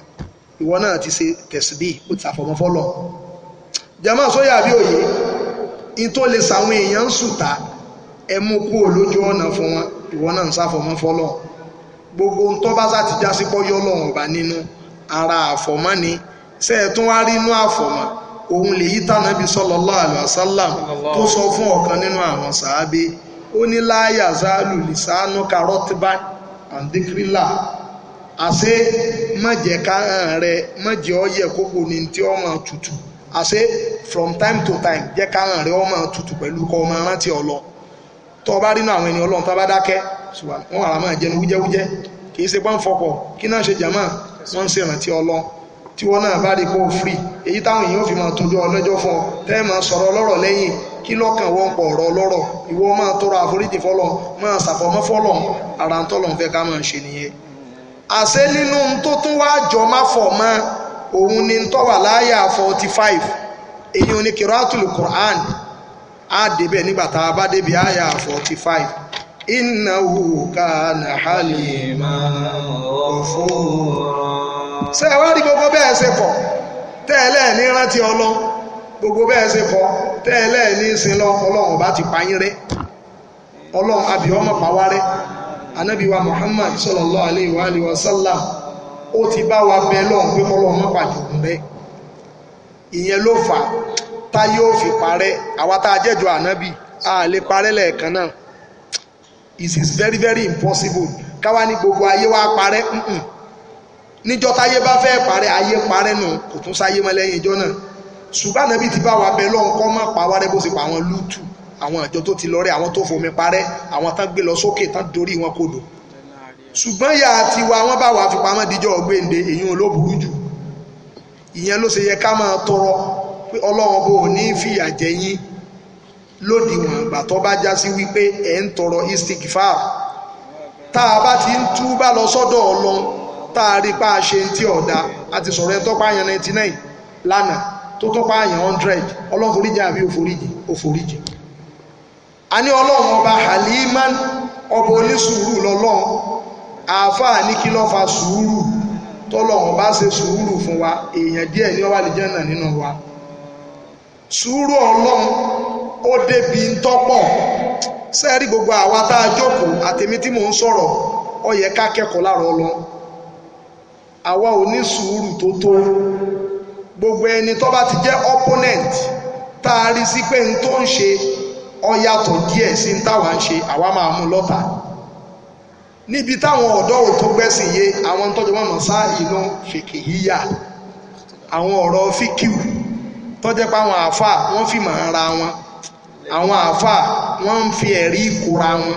ìwọ náà ti ṣe tẹ̀síbí ó ti àfọ̀mọ́ fọ́lọ̀ jama sóyà bí òye in tó lè sàwọn èèyàn ń ẹ mú kú olójú ọ̀nà fún wọn ìwọ náà ń sáfọ̀mọ́ gbogbo ń tọ́ bá sá ti já sí pọ́yọ́ lọ́rùn ọ̀bà nínú ara àfọ̀mọ́ ni ṣe é tún wá rí inú àfọ̀mọ́ òun lèyí tànàbí sallallahu alaihi wasallam tó sọ fún ọ̀kan nínú àwọn sàábé ó àǹdíkírìlà àṣé mọ̀jẹ̀ káràn rẹ mọ̀jẹ̀ ọyẹ kókò ní tí ó máa tutù àṣé from time to time jẹ́ káràn rẹ ó máa tutù pẹ̀lú kọ́ ọmọ rántí ọlọ tó o bá rí inú àwọn ènìyàn ọlọ́run tó bá dákẹ́ wọn àrà máa jẹnu wújẹ́wújẹ́ kì í ṣe pọ́n fọkọ̀ kí náà ṣe jàmá wọ́n ń ṣèrántí ọlọ́run tí wọ́n náà bá rí kó o free èyí táwọn èèyàn fi máa tọ́jú ọlọ́jọ́ fún ọ tẹ́ẹ̀ máa sọ̀rọ̀ ọlọ́rọ̀ lẹ́yìn kí lọ́kàn wọn pọ̀ ọ̀rọ̀ ọlọ́rọ̀ ìwọ máa tọrọ àforíjì fọlọ máa ṣàfọmọ́ fọlọ ara ń tọ́lọ̀ ń fẹ́ ká máa ṣe nìyẹn. àṣé nínú tó tún wá jọ má fọ̀ mọ́ òun ni tọ́wà láyà forty five èyí ò ní kìrọ́àtùlù Qur'an á débẹ̀ nígbà tá a bá débi àyà forty five innahu kana ṣé ẹ wá rí gbogbo bẹ́ẹ̀ ṣe pọ̀ tẹ́ẹ̀lẹ́ ní rántí gbogbo bẹ́ẹ̀ ṣe kọ tẹ́ẹ̀lẹ́ ní sin lọ ọlọ́run bá ti pa yín rẹ́ ọlọ́run àbí ọmọ pàwá rẹ́ anábíwa Muhammad sallallahu alaihi wa alihi ó ti bá wa bẹ lọ́run pé kọ́lọ́ ọmọ pàjùkù rẹ́ ìyẹn ló fà tá yóò fi parẹ́ àwa tá a jẹ́jọ ànábì a lè parẹ́ lẹ́ẹ̀kan náà it is very very impossible káwa ní gbogbo ayé wa parẹ́ níjọ́ táyé bá fẹ́ parẹ́ ayé parẹ́ nù kò tún sáyé mọ́ lẹ́yìn ìjọ náà ṣùgbọ́n ànábì ti bá wa bẹ lọ́hùn kọ́ má pa wárẹ́ bó ṣe pa àwọn lútù àwọn àjọ tó ti lọ́rẹ́ àwọn tó fomi parẹ́ àwọn tán gbé lọ sókè tán dorí wọn kodò ṣùgbọ́n yà á ti wa wọ́n bá wa fi pamọ́ díjọ́ ọ̀gbẹ́ǹde èyàn ló burú jù ìyẹn ló ṣe yẹ ká máa tọrọ pé ọlọ́run bò ní fìyà jẹ yín lódiwọ̀n ìgbà tó bá já sí wípé ẹ̀ ń tọrọ istikfar tá a bá ti ń tú bá lọ sọ́dọ̀ ọlọ́run tá a rí pa ṣe tí ọ̀dà àti sọ̀rọ̀ ẹ̀ tọ́pá yẹn 99 lánàá tó tó pààyàn hundred ọlọ́run foríjì àbí òforíjì òforíjì a ní ọlọ́run ọba haliman ọba onísùúrù lọ́lọ́run àáfàá ní kí ló fa sùúrù tọ́lọ́run bá ṣe sùúrù fún wa èèyàn díẹ̀ ní ó wà lìjẹ́nà nínú wa sùúrù ọlọ́run ó débi ń tọ́pọ̀ sẹ́ẹ̀rí gbogbo àwa tá a jókòó àtèmi tí mò ń sọ̀rọ̀ ó yẹ ká kẹ́kọ̀ọ́ láàrọ̀ ọlọ́run àwa ò ní sùúrù tó tó gbogbo ẹni tó bá ti jẹ́ opponent tá a rí sí pé n tó ń ṣe ó díẹ̀ sí n táwa ń ṣe àwa máa mú lọ́tà níbi táwọn ọ̀dọ́ ò tó gbẹ́sìn yé àwọn tọ́jú mọ́mọ́ sá ìlú fèkìhíyà àwọn ọ̀rọ̀ fíkìú tọ́jẹ́ pé àwọn wọ́n fi mọ̀ ra wọn àwọn àáfàá wọ́n ń fi ẹ̀rí ìkóra wọn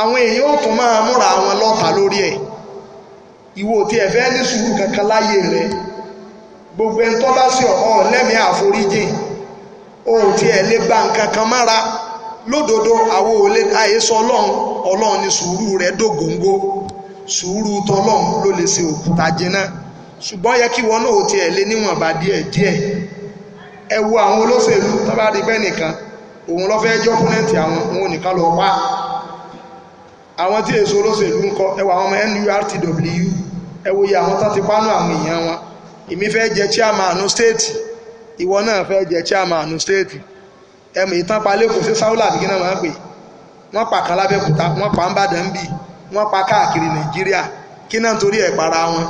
àwọn èèyàn ò tún máa múra wọn lọ́tà lórí ẹ̀ tí ẹ fẹ́ ní sùúrù kankan gbogbo ẹni tó bá sí ọ̀hún lẹ́mìí àforíjìn ohun tí ẹ̀ lè gba nǹkan kan mára lódodo àwọn òlé àyesọ ọlọ́run ọlọ́run ni sùúrù rẹ̀ dògóńgó sùúrù tọlọ́run ló lè ṣe òkúta jiná ṣùgbọ́n yẹ kí wọn náà ti ẹ̀ lé níwọ̀nba díẹ̀ díẹ̀ ẹ wo àwọn olóṣèlú tó bá rí bẹ́ẹ̀ nìkan òun lọ́ fẹ́ jọ́ pọ́nẹ́ǹtì àwọn òun nìkan lọ pa àwọn tí èso olóṣèlú ń kọ ẹ wo àwọn ọmọ NURTW ẹ wo àwọn tó ti pánú àwọn èèyàn wọn èmi fẹ́ jẹ chairman state ìwọ náà fẹ́ jẹ chairman state ẹmọ ìtàn palẹ́ kò sí sáúlà bí kíná pè wọ́n pa kan lábẹ́kúta wọ́n pa ń bàdàn bì wọ́n pa káàkiri nàìjíríà kíná torí ẹ̀ para wọn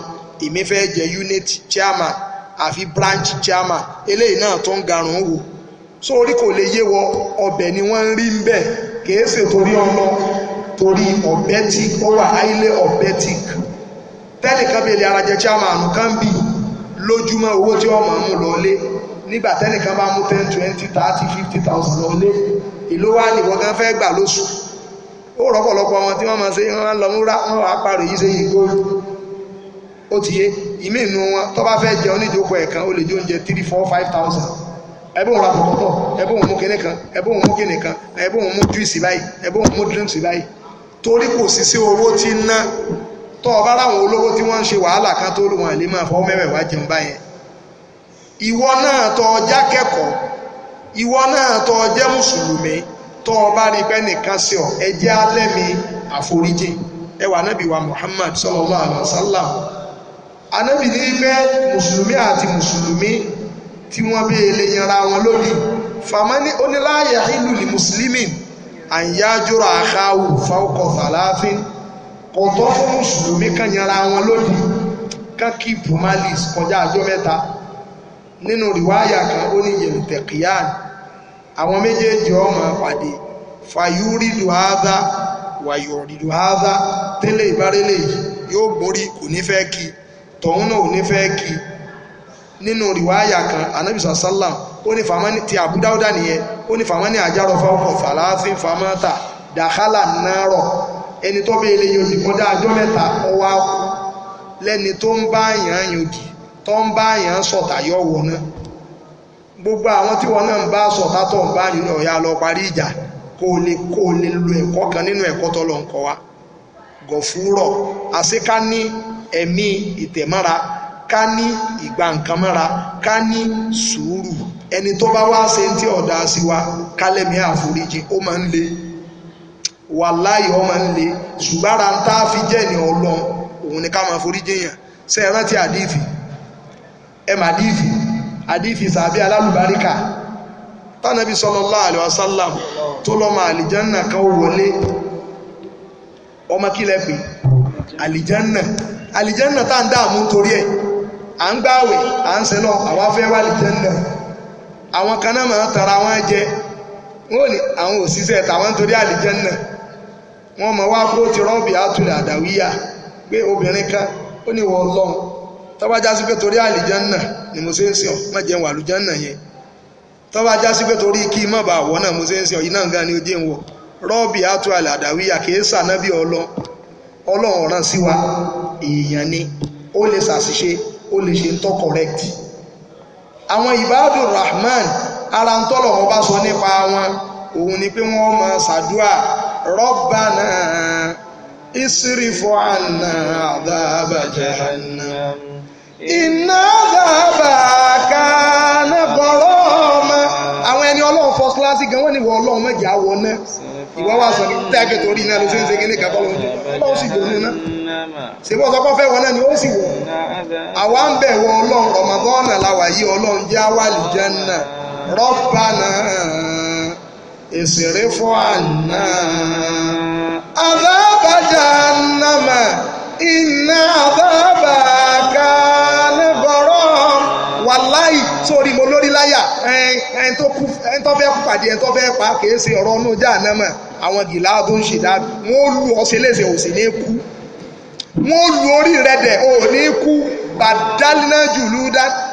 fẹ́ branch chairman eléyìí náà tó garun wò so orí kò lè yé wọ ni wọ́n ń rí ń bẹ̀ kìí ṣe torí ọmọ torí ọbẹ̀ tí ó wà áìlẹ̀ ọbẹ̀ ara jẹ chairman kan bíi lójúmọ́ owó tí ọmọ mú lọ lé nígbà tẹ́nìkan bá mú ten twenty thirty fifty thousand lọ lé èló wá ní ìwọ̀n kan fẹ́ gbà lóṣù ó rọ́pọ̀lọpọ̀ wọn tí wọ́n máa ṣe wọ́n lọ múra wọ́n wàá parò yìí ṣe yìí góòlù ó ti yé ìmí inú wọn tó bá fẹ́ jẹ oníjókòó ẹ̀kan ó lè jó oúnjẹ three four five thousand ẹbùn ra pọ̀pọ̀pọ̀ ẹbùn mú kinní kan ẹbùn mú kinní kan ẹbùn mú juice báyìí ẹbùn mú drinks báyìí torí kò sí sí owó tí ń ná tó o bá ráwọn olówó tí wọ́n ń ṣe wàhálà kan tó lù wọ́n lè máa fọwọ́ mẹ́wẹ̀ẹ́ wá jẹun báyẹn ìwọ náà tó o kẹ́kọ̀ọ́ ìwọ náà tó o mùsùlùmí tó o rí pẹ́nìkan sí ọ ẹ jẹ́ àforíjì ẹ wà wa Muhammad sallallahu alaihi wasallam anábì ní pé mùsùlùmí àti mùsùlùmí tí wọ́n bí ilé yanra wọn lórí famani oníláyà ìlú ni mùsùlùmí àyájúra àkáwù fáwọkọ̀ fàlàáfíì kò tọ́ fún mùsùlùmí kan yanra wọn lódì kan kí bumalis kọjá àjọ mẹ́ta nínú rìwáyà kan ó ní yẹ̀lùtẹ̀kìyàn àwọn méjèèjì ọmọ pàdé fàyúrídù áádá wàyọ̀rídù áádá tẹ́lẹ̀ ìbárẹ́lẹ̀ yóò borí kò ní fẹ́ kí tọ̀hún náà ò ní fẹ́ kí nínú rìwáyà kan anábìsà sálàm ó ní fàmánì ti àbúdáwúdà nìyẹn ó ní fàmánì àjárọ̀ fáwọn fàlàáfín fàmáta dàkálà náà rọ̀ ẹni tó bẹ́ẹ̀ lè yọ̀sì kan dáadọ́ mẹ́ta ọwọ́ akú lẹ́ni tó ń bá yàn yòdì tó ń bá sọ̀tà náà gbogbo àwọn tí wọn náà ń bá sọ̀tà tó ń bá lọ parí ìjà kó lè kó lo ẹ̀kọ́ kan nínú ẹ̀kọ́ tó lọ ń wa gọ̀fúrọ̀ ní ẹ̀mí ká ní ìgbà nǹkan mọ́ra ká ní sùúrù ẹni tó bá wá ṣe ń wàláì ọmọ ń le ṣùgbára ń tá fi jẹ́ ní ọlọ́run òun ni ká máa forí jẹ́yàn ṣe é rántí àdífì ẹ mà àdífì àdífì sàbí alálùbáríkà tánàbí sallallahu alaihi wasallam tó lọ́mọ àlìjánà kan wọlé ọmọ kílẹ̀ pé àlìjánà àlìjánà tá ń dààmú torí ẹ̀ à ń gbààwẹ̀ à ń sẹ́lọ̀ àwa fẹ́ wà àlìjánà àwọn kan náà máa tara wọn jẹ wọn ò ní àwọn òṣìṣẹ́ tàwọn torí àlìjánà wọ́n mọ̀ wá kó ti rọ́ọ̀bì àtúlẹ̀ àdàwíyà pé obìnrin kan ó ní ìwọ ọlọ́run tọ́ba já sí pé torí àlìjánà ni mo ṣe ń sìn ọ́ má jẹun àlùjánà yẹn tọ́ba já sí pé torí kí má bàa wọ̀ náà mo ṣe ń sìn ọ́ iná nǹkan ni ó ń wọ̀ rọ́ọ̀bì àtúlẹ̀ àdàwíyà kì í sànábì ọlọ́run ọlọ́run ọ̀ràn sí wa èèyàn ni ó lè ṣàṣìṣe ó lè ṣe ń tọ́ correct àwọn ìbádùn rahman ara ń tọ́lọ̀ wọn bá sọ nípa wọn òun ni pé wọ́n máa ṣàdúà ربنا اصرف عنا عذاب جهنم إن عذابها كان غراما àwọn ẹni ọlọ́run fọ́ síláàsì gan wọ́n ní wọ́n ọlọ́run mẹ́jẹ̀ àwọ̀ náà ìwọ́ wa sọ tẹ́ẹ̀kì torí iná ló ṣe ń ṣe kíní kàbọ̀ lọ́wọ́ ọlọ́run sì gbòmù náà ni ó wọ̀ àwa ìsìnrífọ́ àná àdábàjá nàmà iná àdábà kánú bọ̀rọ̀ wàláì sórí mo lórí láyà ẹni tó fẹ́ pàdé ẹni tó fẹ́ pa kìí ṣe ọ̀rọ̀ ọ̀nà ọjà àwọn gìlá tó ń ṣèdá wọn ó lu ọsẹ léṣe òsì ní kú wọn lu orí rẹ dẹ òní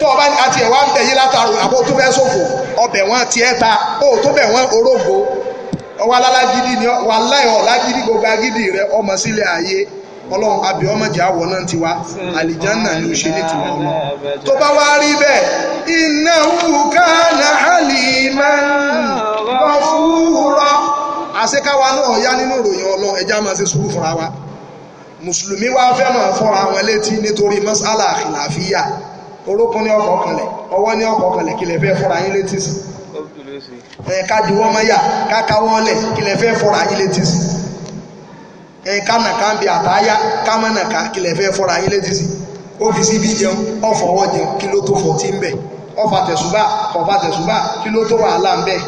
tó ọba àti ẹ̀wà ń bẹ̀ yí látàrú àbó tó fẹ́ sòfò ọbẹ̀ wọn tiẹ̀ ta ó tó bẹ̀ wọn orógbó ọwọ́ alágídí ni wà láì ọ̀ lágídí gbogbo agídí rẹ ọmọ sílẹ̀ ayé ọlọ́run àbí ọmọ jẹ́ àwọ̀ náà ti wá àlìjánà ni ó ṣe nítorí ọmọ tó bá wá rí bẹ́ẹ̀ iná wùkánà àlìmọ́ wọn fúrọ́ àṣekáwa náà yá nínú ìròyìn ọlọ ẹja máa ṣe sùúrù fúnra wa mùsùlùmí wá fẹ́ máa fọ́ra wọn létí nítorí mọ́sálà àfìlàfíà orókún ní ọkọ̀ kanlẹ̀ ọwọ́ ní ọkọ̀ kanlẹ̀ kí lè fẹ́ fọ́ra yín létí sí ẹ̀ ká juwọ́ mọ́yà ká káwọ́ lẹ̀ kí lè fẹ́ fọ́ra yín létí sí ẹ̀ ká nàka ń bi àtàyà ká mọ́ nàka kí lè fẹ́ fọ́ra yín létí sí ó fi síbi jẹun ọ̀fọ̀wọ́ jẹun kí ló tó fọ̀tí ń bẹ̀ ọ̀fà tẹ̀sùbà ọ̀fà tẹ̀sùbà kí ló tó wàhálà ń bẹ̀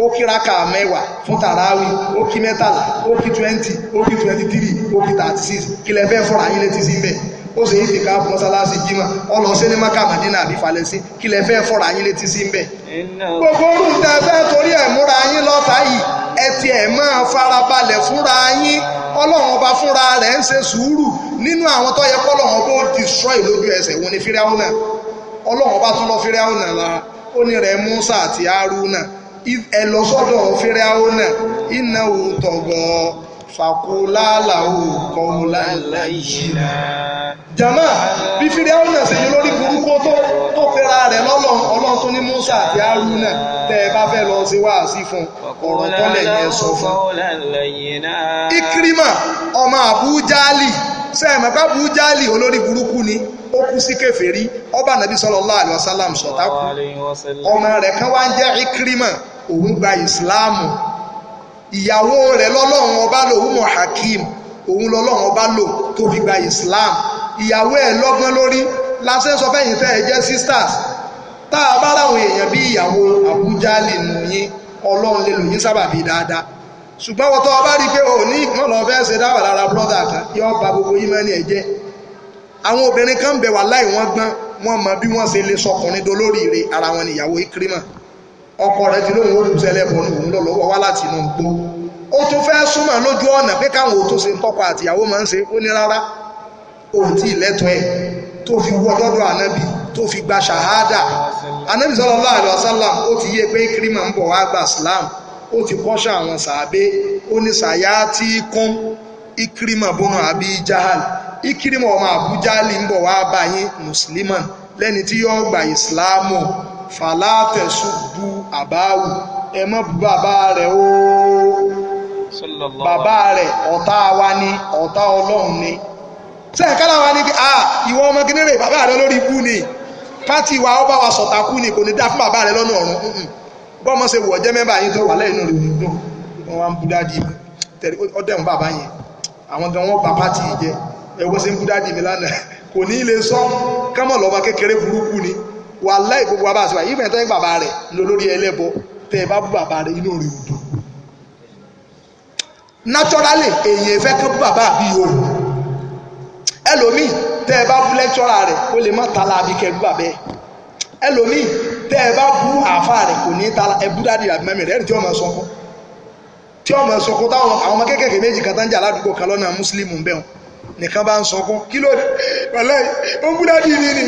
ó kí raka mẹ́wàá fún tàràwì ó kí mẹ́tàlá ó kí twenty ó kí twenty three ó kí thirty six kí lè fẹ́ fọ́ra yín létí sí ń bẹ̀ ó ṣe ìsìn ká mọ́sálásí jímọ̀ ọlọ sinimá kàmádínà àbí falẹsí kí lẹ fẹ́ fọ̀rọ̀ ayé létí sí mbẹ. gbogbo orun tẹ fẹ́ torí ẹ̀ múra yín lọ́ta yìí ẹ tiẹ̀ máa farabalẹ̀ fúnra yín ọlọ́run ọba fúnra rẹ̀ ń ṣe sùúrù nínú àwọn tó yẹ kọ́lọ́run ọba ó destroy lójú ẹsẹ̀ wọn ni fíráúnà ọlọ́run ọba tún lọ fíráúnà lára ó ní rẹ̀ Mùsá àti Haruna ẹ lọ sọ́dọ̀ fíráúnà ìnáwó tọ̀gọ̀ọ́ fàkúlá làwù kọ́ńlá ìlànà. jama bí firiahu náà ṣe yí lórí burúkú tó tó fẹ́ra rẹ̀ lọ́lọ́ ọlọ́run tó ní Musa àti Haruna tẹ́ ẹ bá fẹ́ lọ sí wáàsí fún ọ̀rọ̀ tọ́lẹ̀ yẹn sọ fún. Ikirima ọmọ Abujali sẹ́yìn mẹ́fà Abujali olórí burúkú ni ó kú sí kèfèrí ọba nàbí sallallahu alaihi wasallam sọ̀tà kú ọmọ rẹ̀ kan wá ń jẹ́ Ikirima òun gba ìsìláàmù ìyàwó rẹ̀ lọ́lọ́run ọba lò wúmọ̀ hakeem òun lọ́lọ́run ọba lò tó fi gba islam ìyàwó ẹ̀ lọ́gbọ́n lórí lásán sọ fẹ́yìn tẹ́ ẹ jẹ́ sisters tá a bá láwọn èèyàn bí ìyàwó àbújá lè nù yín ọlọ́run lè lò yín sábàbí dáadáa ṣùgbọ́n wọ́n tọ́ ọba rí i pé òní ìkan lọ fẹ́ ṣe dáwà lára brọ́dà kan yọ ba gbogbo yín mẹ́rin ẹ̀ jẹ́ àwọn obìnrin kan bẹ̀ wà láì wọ́n gbọ́n wọ́n mọ bí wọ́n ṣe lè sọkùnrin dolóríire ara wọn níyàwó ikrimah ọkọ rẹ ti lóhun olùsọ ẹlẹ́bùn òun lọ́lọ́wọ́ wá láti inú gbó ó tún fẹ́ súnmọ́ lójú ọ̀nà pé káwọn ò tó ṣe tọkọ àtìyàwó máa ń ṣe ó ní rárá fi wọ́ dọ́dọ̀ ànábì fi gba ṣàhádà ànábì sallallahu alaihi wasallam ó ti yé pé kírímà ń bọ̀ wá gba islam ti kọ́ṣà àwọn sàábé ó ní sàyá tí ikirima bọ́nà àbí jahal ikirima ọmọ àbújá lè ń bọ̀ wá lẹ́ni tí yóò fàlàtẹ̀sù bu àbáwù ẹ má bu bàbá rẹ̀ o bàbá rẹ̀ ọ̀tá wa ni ọ̀tá ọlọ́run ni sẹ́yìn kálá wa ni a ah, ìwọ ọmọ gínéèrè bàbá rẹ̀ lórí ikú ni káàtì ìwà ọba wa sọ̀tàkú ni kò ní dá fún bàbá rẹ̀ lọ́nà ọ̀run bọ́mọ ṣe wọ̀ jẹ́ mẹ́bà yín tó wà lẹ́yìn náà lè dùn wọn wá ń bú dáàdì ọdẹ̀hún bàbá yẹn àwọn gan wọn bàbá tì í jẹ ẹwọ́n ṣe ń bú dáàdì mi lánàá kò ní ilé sọ kámọ̀ lọ́ba kékeré burúkú ni wà láì gbogbo wa bá ṣe wà yìí fẹ́ẹ́ tẹ́ bàbá rẹ̀ lórí ẹlẹ́bọ tẹ́ ẹ bá bú bàbá rẹ̀ inú rẹ̀ ò dùn. naturally èyí fẹ́ kán bú bàbá àbí yòówù ẹlòmíì tẹ́ ẹ bá bú lẹ́kítọ́rà rẹ̀ ó lè má tala àbí kẹ́ bú bàbá ẹ ẹlòmíì tẹ́ ẹ bá bú àfa rẹ̀ kò ní tala ẹ bú dáàdì àbí mẹ́mì rẹ̀ ẹ̀rì tí ọmọ sọkún tí ọmọ sọkún táwọn àwọn ọmọ kékèké méjì kan tán kan lọ́nà mùsùlùmí ń nìkan bá ń sọkún kí ló dé wàlẹ́ ó ń bú dádì mi ni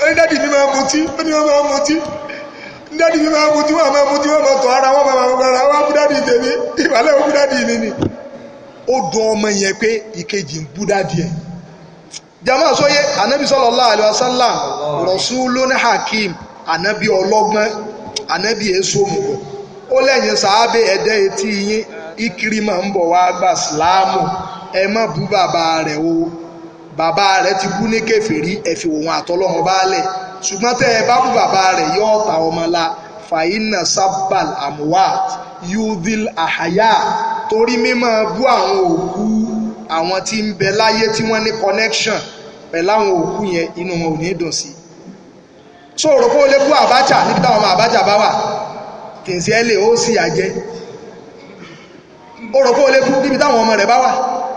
ó dádì mi máa mutí máa mutí dádì mi máa mutí máa mutí máa ara wọ́n máa máa ara wọ́n bú dádì tèmi ìwàlẹ́ ó bú dádì ọmọ yẹn pé ìkejì ń bú dádì jama sọye anabi anabi anabi èso ó etí yín ìkírí máa ń wá gbà ẹ má bú bàbá rẹ̀ o bàbá rẹ̀ ti kú ní kèfèrí ẹ fi òun àtọlọ́run baálẹ̀ ṣùgbọ́n tẹ́ ẹ bá bú bàbá rẹ̀ yóò ta ọmọ la fàyínà sábàl amuwaat yudil ahaya torí mímọ́ bú àwọn òkú àwọn tí ń bẹ láyé tí wọ́n ní connection pẹ̀lú àwọn òkú yẹn inú wọn ò ní dùn sí so rò pé ó lè bú Abacha níbi táwọn ọmọ Abacha bá wà tìǹsì ẹ lè ó sì àjẹ ó rò pé ó lè bú níbi táwọn ọmọ rẹ̀ bá wà.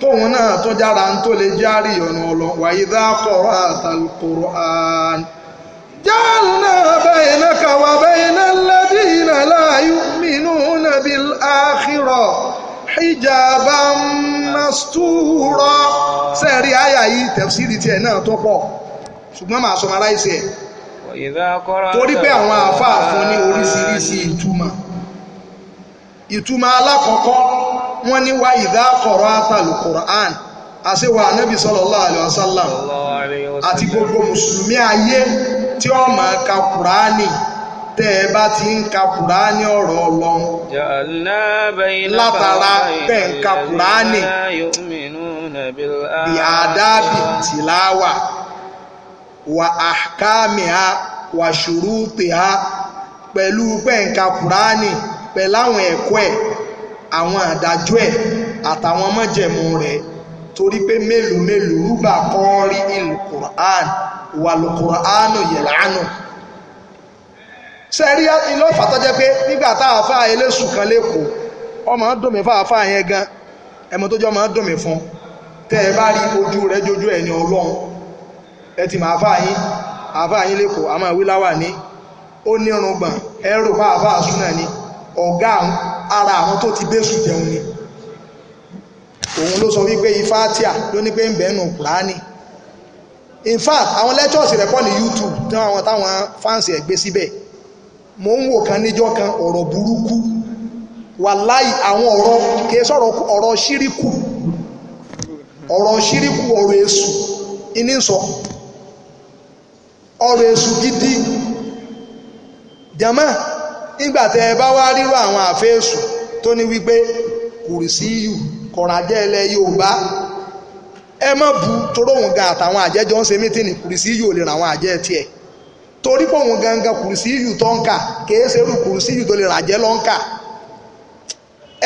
tóun náà tó jára ń tó lè járe ọ̀nà ọlọ́run wàyí dákọ̀rọ̀ àtàlùkọ̀rọ̀ àn. jáàlù náà bẹ́ẹ̀ náà kàwá bẹ́ẹ̀ náà lẹ́dí iná láàyè mínú nàbí àkírọ̀ hijaba mastura sẹ́ẹ̀rí àyà yìí tẹ̀síìrì tiẹ̀ náà tó pọ̀ ṣùgbọ́n màá sọmọ aláìsí torí pé àwọn àáfàá fún ní oríṣiríṣi ìtumọ̀ ìtumọ̀ alákọ̀ọ́kọ́ wọ́n ní wá ìdá kọ̀rọ̀ àtàlù Qur'an àṣewà anábì sallallahu alaihi wasallam àti gbogbo mùsùlùmí ayé tí ó máa ka Qur'ani tẹ́ ẹ bá ti ń ka Kùránì ọ̀rọ̀ Ọlọ́run látara tẹ́ ń ka Kùránì bí àdábì tìláwà wà àkámi ha wà ṣùrùtì ha pẹ̀lú pẹ́ ń ka Kùránì pẹ̀láwọn ẹ̀kọ́ ẹ̀ àwọn àdájọ́ ẹ̀ àtàwọn mọ́jẹ̀mú rẹ̀ torí pé mélòó mélòó rúbà kọ́ rí ìlú Qur'an wà ló Qur'an yẹ̀lá ànà sẹ́rí ìlọ́fà tó jẹ́ pé nígbà tá a fà eléṣù kan lẹ́kọ̀ọ́ ọmọ dùn mí fàáfà yẹn gan ẹmọ tó jọ máa dùn mí fún tẹ́ ẹ bá rí ojú rẹ̀ jójú ẹ̀ ní ọlọ́run ẹ ti máa fà yín àfà yín lẹ́kọ̀ọ́ àmọ́ ìwíláwà ní ó ní irùngbọ̀n ẹ̀rù fàáfà súnà ní ọ̀gá ara àwọn tó ti bẹ́sù jẹun ni òun ló sọ wípé ifáàtíà ló ní pé ń bẹ̀ẹ́nu kùránì in fact àwọn lectures rẹ̀ pọ̀ ní youtube tí wọ́n táwọn fáǹsì ẹ̀ gbé síbẹ̀ mo ń wò kan níjọ́ kan ọ̀rọ̀ burúkú wàláì àwọn ọ̀rọ̀ kìí sọ̀rọ̀ ọ̀rọ̀ ṣíríkù ọ̀rọ̀ ṣíríkù ọ̀rọ̀ èṣù iní sọ ọ̀rọ̀ èṣù gidi jama nígbà tẹ́ ẹ bá wá rírọ àwọn àfẹ́sù tó ní wípé kùrìsíyù kọ̀ràjẹ́ ilẹ̀ Yorùbá ẹ má bu toróhùn gan àtàwọn àjẹjọ ń ṣe mítìnì kùrìsíyù ò lè ràn àwọn tiẹ̀ torí pé òun gangan kùrìsíyù tó ń kà kìí tó lè ràjẹ́ ń kà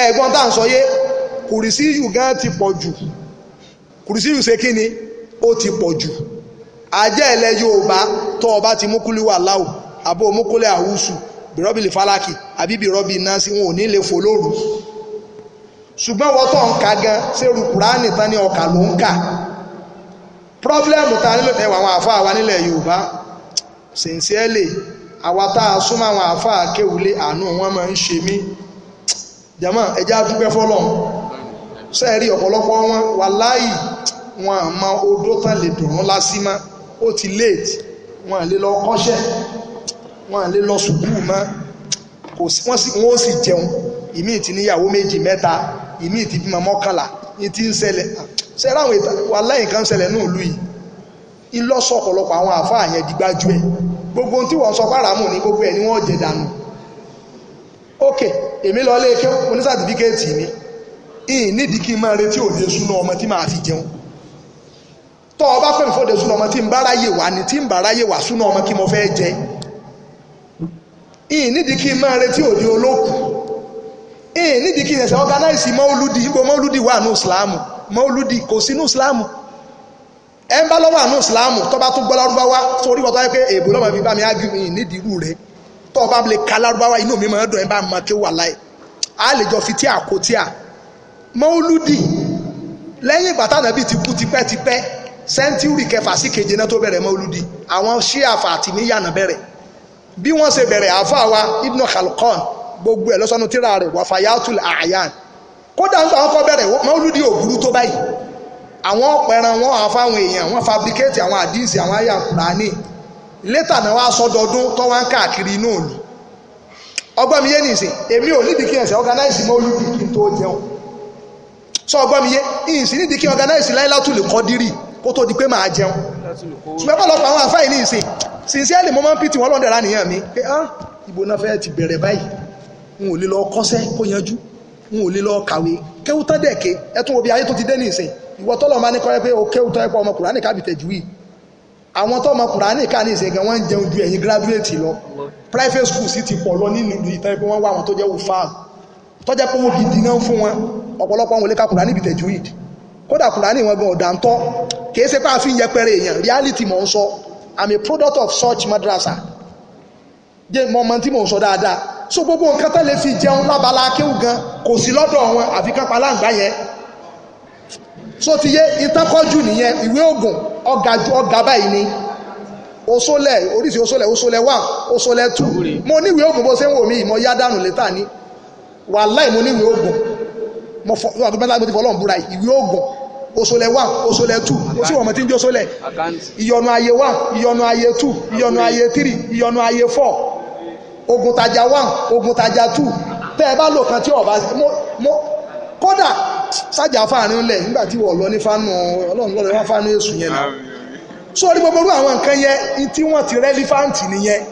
ẹ̀gbọ́n tá à ń gan ti pọ̀ jù kùrìsíyù ṣe kí ni ti pọ̀ jù àjẹ́ ilẹ̀ Yorùbá tó ọba ti láwù àbó bìrọ́bì lè falaki àbí bìrọ́bì iná sí wọn ò ní lè fò lóru ṣùgbọ́n wọ́n tó ń ka gan sẹ́rù kùránì tán ní ọkà ló ń kà pírọ́blẹ́mù ta nílò ẹ̀wà àwọn àáfàá wa nílẹ̀ yorùbá sincerely àwa tá a súnmọ́ àwọn àáfàá kéwulé àánú wọn máa ń ṣe mí jàmọ́ ẹja dúpẹ́ fọlọ́n sẹ́ẹ̀rí ọ̀pọ̀lọpọ̀ wọn wà láàyè wọn àmọ́ odó tán lè dùn ún lásìmọ́ ó ti late wọn lè lọ kọ́ṣẹ́ wọ́n lè lọ sùkúù mọ́ kò sí wọ́n sì wọ́n sì jẹun ìmí ti níyàwó méjì mẹ́ta ìmí ti bímọ mọ́kànlá ní ti ń ṣẹlẹ̀ ṣẹlẹ̀ àwọn ìta wà láyìn kan ṣẹlẹ̀ náà lù yìí ìlọ́sọ̀ ọ̀pọ̀lọpọ̀ àwọn àfáà yẹn di gbájú ẹ̀ gbogbo tí wọ́n sọ páràmù ní gbogbo ẹ̀ ni wọ́n jẹ dànù ok èmi lọ lé eke oní sàtífíkẹ́ẹ̀tì mi ìyìn nídìí kí n máa retí òde súná ọmọ tí màá fi jẹun tọ́ ọ bá fẹ́mi fọ́de súná ọmọ tí ń bá ráyè wá ni tí ń bá ráyè wá súná ọmọ kí mo fẹ́ jẹ ìyìn nídìí kí n máa retí òde olókù ìyìn nídìí kí n ṣẹ̀ṣẹ̀ organize mọ́lúdì ibo mọ́lúdì wà ní ìsìláàmù mọ́lúdì kò sí ní ìsìláàmù ẹ ń bá lọ́wọ́ àánú ìsìláàmù tó bá tún gbọ́ lárúbáwá sórí wọ́n tó yẹ pé èbó lọ́mọ fi bá mi ágì ìyìn nídìí irú rẹ tó o bá lè ka lárúbáwá inú mi máa ń dùn ẹ bá ma kí ó wà láì á lè jọ fi tí à kó tí à mọ́lúdì lẹ́yìn ìgbà tánàbí ti kú tipẹ́tipẹ́ sẹ́ńtúrì kẹfà sí keje náà tó bẹ̀rẹ̀ mọ́lúdì àwọn ṣíàfà àtìníyànà bẹ̀rẹ̀ bí wọ́n ṣe bẹ̀rẹ̀ àáfàá wa Ibn gbogbo ẹ̀ lọ́sọ́nù tíra rẹ̀ wà fayatul ayan kódà ń gbà wọn kọ́ bẹ̀rẹ̀ ògúrú tó báyìí àwọn ọ̀pẹ̀ran wọn àfáwọn wọn fabricate àwọn àdínsì àwọn létà náà wá sọdọọdún tó wá ń káàkiri inú ọgbọ́n mi yé nìsín èmi ò nídìí kí organize kí n tó jẹun sọ ọgbọ́n mi yé nídìí kí organize kó di pé máa jẹun ṣùgbọ́n sincerely mo máa ń pìtì wọn lọ́dẹ̀ lánìyàn mi pé ah ìbò náà fẹ́ẹ́ ti bẹ̀rẹ̀ báyìí n ò lè lọ kọ́ṣẹ́ kó yanjú n ò lè lọ kàwé kéwú tán dẹ̀ ké ẹ tún wo bí ayé tó ti dé ní ìsìn ìwọ tọ́lọ̀ máa ní kọ́ ẹ pé o kéwú tán ẹ pa ọmọ kùránì kábì tẹ̀jú yìí àwọn tó ọmọ kùránì ká ní ìsìn gan wọ́n ń jẹun ju ẹ̀yin gíráduwéètì lọ private school sì ti pọ̀ lọ nínú ìtàn pé wọ́n wá àwọn tó jẹ́ wùfáà tó jẹ́ pówó gidi náà fún wọn ọ̀pọ̀lọpọ̀ wọn ò lè ka kùránì bìtẹ̀jú yìí kódà kùránì wọn gan ọ̀dà ń tọ́ kì í ṣe reality mọ̀ i'm a product of such madrasa jẹ́ mọ́ tí mò ń sọ dáadáa so gbogbo nǹkan tó lè fi jẹun lábala akéwù gan kò sí lọ́dọ̀ wọn àfi kan palangba yẹn so ti yé ìtàkọ́jú nìyẹn ìwé ogun ọ̀gá ọ̀gá báyìí ni oríṣi mo bó ṣe ń wò mí ìmọ̀ yá dànù létà ni mo mo fọ búra ìwé osole 1 osole 2 o si wọn mo ti n jo osole aye 1 iyọnu aye 2 iyọnu aye 3 iyọnu aye 4 oguntaja 1 oguntaja 2 tẹ ẹ bá lò kan tí ọba mo mo kódà sájà fáànù lẹ nígbà tí wọn lọ ní fáànù ọlọrun lọrọ wọn fáànù èṣù yẹn lọ sórí gbogbo orú àwọn nǹkan yẹn tí wọn ti rẹlifáǹtì nìyẹn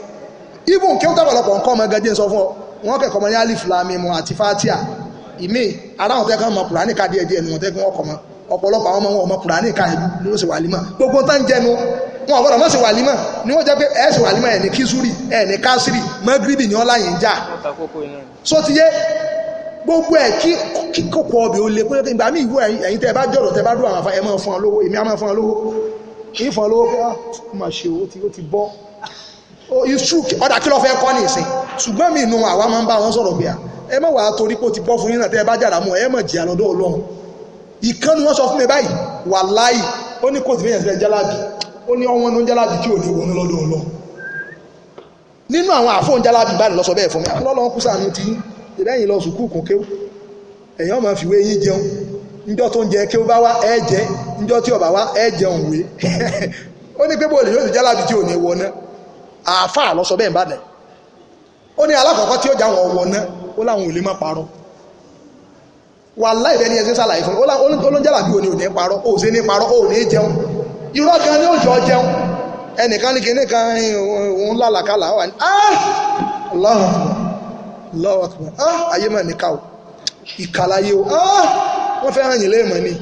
even kí wọn tẹ ọpọlọpọ nǹkan ọmọ gẹgẹ sọ fún ọ wọn kẹkọọ ọmọ yẹn alif lamimu àti fatia imi ara wọn tẹ kàn mọ kùránì ni wọn tẹ kàn wọn kọ mọ. ọ̀pọ̀lọpọ̀ àwọn ọmọ wọn ọmọ kùránì ìlú ni ó sì wàlímọ̀ gbogbo tá ń jẹnu wọn ọ̀gbọ́dọ̀ mọ̀ sí wàlímọ̀ ni wọ́n jẹ́ pé ẹ̀ sì wàlímọ̀ ẹ̀ ní kísúrì ẹ̀ ní kásírì mọ́gírìbì ni ọlá yìí ń jà so ti yé gbogbo ẹ̀ kí kòkó ọbẹ̀ ó lè pé ìgbà míì ìwú ẹ̀yìn tẹ́ bá jọ̀rọ̀ tẹ́ bá dùn àwọn ẹ̀ máa fún ọ lówó èmi á máa fún ọ lówó kì í fún ọ lówó pé ó ah, mà ṣe ó ti bọ́ ìṣú ọ̀dà kí ìkan ni wọ́n sọ fún mi báyìí wàláì ó ní kò tìfẹ́ ìyẹ̀sẹ̀ jálàbì ó ní ọwọ́n ní jálàbì tí ò ní wọnú lọ́dọ̀ ọlọ́run nínú àwọn àfóhùn jálàbì báyìí lọ́sọ bẹ́ẹ̀ fún mi àkọlọ́lọ́run kú sàánú ti ìrẹ́yìn lọ sùkúù kún kéwù ẹ̀yàn máa fìwé yín jẹun níjọ́ tó ń jẹ kéwù bá wá ẹ jẹ níjọ́ tí ọba wá ẹ jẹun wé ó ní pé bóòlù yóò ti jálàbì tí ò ní wọná àáfàá lọ́sọ bẹ́ẹ̀ bá dẹ̀ ó ní alákọ̀ọ́kọ́ tí ó já wọn wọná ó láwọn ò lè má parọ́ wà láì bẹ́ẹ̀ ni ẹ ṣe ṣàlàyé fún mi olóńjàlá òní parọ́ ò ní parọ́ ò jẹun irọ́ gan ni òjò jẹun ẹnìkan ní kinní kan òun lálàkàlà wà ní Allahu Allahu Akbar ah! ayé mà ní káwọ́ ìkàlàyé o ah! wọ́n fẹ́ hàn yín léèmọ̀ ni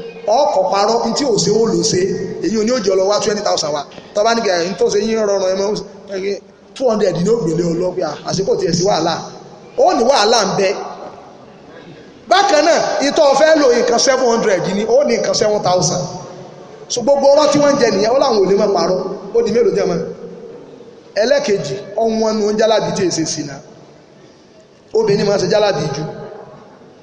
ọkọ̀ parọ́ ní tí òṣè ó lò ṣe èyí ò òjò lọ wá twenty thousand wa tọ́ba ní kẹrin ah, tó ṣe yín rọrùn ẹmọ two hundred ní ògbèlè ọlọ́gbẹ́ àsìkò tiẹ̀ sí wàhálà ó ní wàhálà ń bẹ́ẹ̀ bákan náà ìtọ́ ọ̀fẹ́ lò nǹkan seven hundred ní ó ní nǹkan seven so gbogbo ọ̀rọ̀ tí wọ́n ń jẹ nìyẹn ó láwọn ò lè máa parọ́ ó di mélòó jẹ́mọ́ ẹlẹ́kejì ọ̀wọ́n ni wọ́n ń jálàbí tí èsè sí náà obìnrin máa ń ṣe jálàbí jù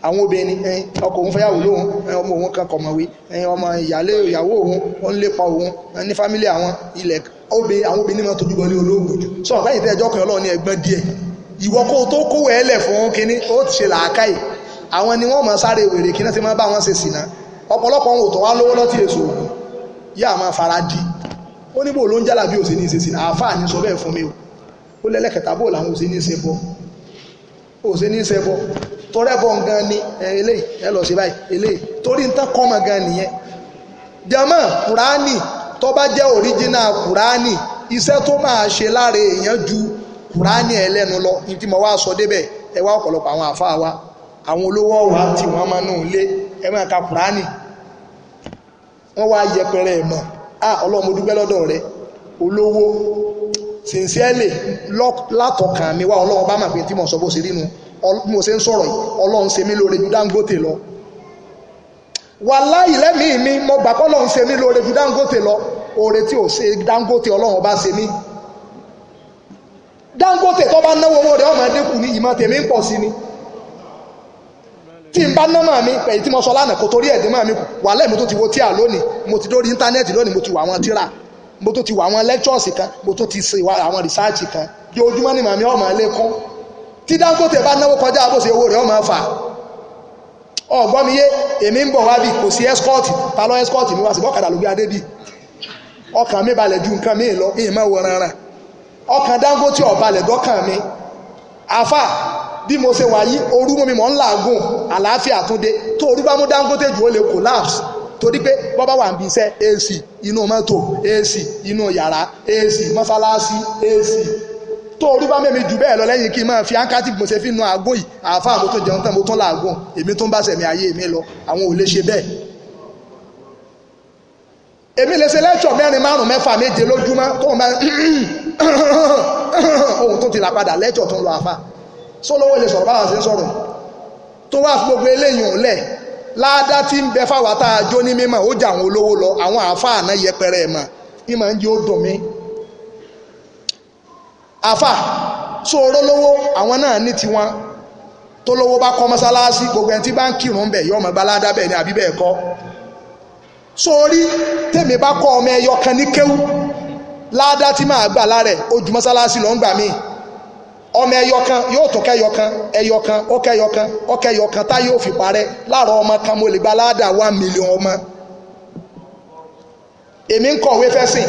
àwọn obìnrin ẹyin ọkọ òun fẹ́yàwó lóhun ẹyin ọmọ òun kan kọ̀mọ̀wé ẹyin ọmọ ìyálé ìyàwó òun ó ń lépa òun ní fámílì àwọn ilẹ̀ obìnrin àwọn obìnrin máa tójú bọlé olóògùn jù sọ ọ̀gá ìtẹ́jọ́ kan ọlọ́run ní ẹgbẹ́ díẹ̀ ìwọ tó kówó fún kínní ó ti ṣe làákàyè àwọn ni wọ́n mọ̀ sáré wèrè kí náà ti máa bá wọn ṣe sìnà ọ̀pọ̀lọpọ̀ wọn ò tọ̀ wá lówó lọ́tí èso ògùn yá máa fara di ó níbo ló ń jálà bí òsè ní ṣe sìnà àáfàá ní sọ bẹ́ẹ̀ fún mi o ó lẹ́lẹ́kẹ̀ta bó làwọn òsè ní ṣe bọ́ òsè ní ṣe bọ́ torẹ́ bọ́ gan iṣẹ́ tó máa ṣe láre èèyàn ju kùránì ẹlẹ́nu lọ ní tí mo wá sọ débẹ̀ ẹ ọ̀pọ̀lọpọ̀ àwọn àfáà wa àwọn olówó wà tí wọ́n máa náà lé ẹ máa kùránì wọ́n wá yẹpẹrẹ ẹ̀mọ̀ ah ọlọ́run mo dúpẹ́ lọ́dọ̀ rẹ olówó sincerely látọkàn mi wá ọlọ́run bá mà pé tí mo sọ bó ṣe rí nu mo ṣe ń Dangote mi mo gbà kọ́ lọ́run ṣe mí lóore ju Dangote lọ oore tí ò ṣe Dangote ọlọ́run bá ṣe mí Dangote tó bá náwó owó rẹ̀ ọmọ ẹdínkù ní ìmọ̀ tèmi ń pọ̀ sí ni tí n bá ná mi èyí tí mo sọ lánàá kò torí ẹ̀dín mi wà lẹ́ẹ̀mí tó ti wo tíà lónìí mo ti dórí íńtánẹ́ẹ̀tì lónìí mo ti wà àwọn tíra mo tó ti wà àwọn kan mo tó ti ṣe àwọn kan ojoojúmọ́ ni màá mi tí Dangote bá náwó kọjá bó ṣe owó rẹ̀ fà mi yé èmi ń bọ̀ wá bí kò mi wá sí ló gbé bí mo ṣe wà yí orú mú mi mọ̀ ń làágùn àlàáfíà tún dé tó orú bá mú Dangote jù ó lè collapse torí pé bọ́bá wà ń bí iṣẹ́ AC inú mọ́tò AC inú yàrá AC mọ́sálásí AC tó orú bá mẹ́mi jù bẹ́ẹ̀ lọ lẹ́yìn kí n máa fi áńkátì mo ṣe fi nu àágùn yìí àáfàá mo tún jẹun tán mo tún làágùn èmi tún bá sẹ̀mí ayé mi lọ àwọn ò lè ṣe bẹ́ẹ̀ èmi lè ṣe lẹ́tọ̀ mẹ́rin márùn mẹ́fà méje lójúmọ́ tó ń bá ohun tó ti là padà lẹ́tọ̀ tó ń lọ àfà sọlọwọ lè sọ̀rọ̀ báwọn ṣe tó wá gbogbo eléyìí òǹlẹ̀ láàdá tí ń bẹ fáwa tá jó ní mímọ̀ ó jà olówó lọ àwọn àáfàá náà yẹpẹrẹ ẹ̀ ìmọ̀ ń jẹ́ ó dùn mí. àfà àwọn náà ní tiwọn tó ni àbí bẹ́ẹ̀ kọ́ sórí tèmi bá kọ́ ọmọ ẹyọ kan ní kéwú ládá tí máa gbà ojú mọ́sálásí lọ́ ń gbà míì ọmọ ẹyọkan yóò tún kẹyọkan ẹyọkan ó kẹyọkan ó kẹyọkan tá yóò fi parẹ́ láàárọ̀ ọmọ kan mo lè gba aláàdá one million ọmọ èmi ń kọ̀wé fẹ́ sìn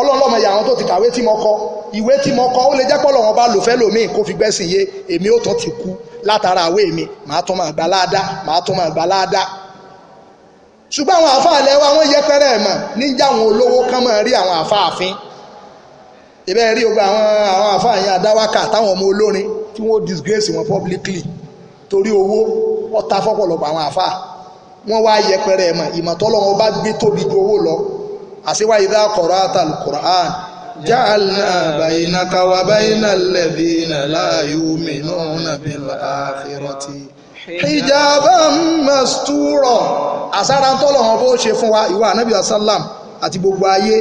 ọlọ́lọ́mọ ìyá àwọn tó ti kàwé tí mo kọ ìwé tí mo kọ ó lè jẹ́ pọ́lọ̀ wọn bá lò fẹ́ lòmíì kó fi gbẹ́sìn yé èmi ó tún ti kú látara àwé mi màá tún máa gba aláàdá màá tún máa gba aláàdá ṣùgbọ́n àwọn àfáà lẹ́wọ́ àwọn yẹpẹrẹ ẹ̀mọ̀ níjà àwọn olówó kán máa rí àwọn àfáàfin ìbẹ́ rí ogun àwọn àwọn àfáàyàn adáwákà táwọn ọmọ olórin tí wọ́n disgrace wọn publicly torí owó ọ̀tá fọ́pọ̀lọpọ̀ àwọn àfáà wọ́n wá yẹpẹrẹ ẹ̀mọ̀ ìmọ̀tọ́lọ́ bá gbé tóbi ju owó lọ àṣewá idha qara'ta al-Qur'an ja'alna baynaka wa bayna alladhina la yu'minuna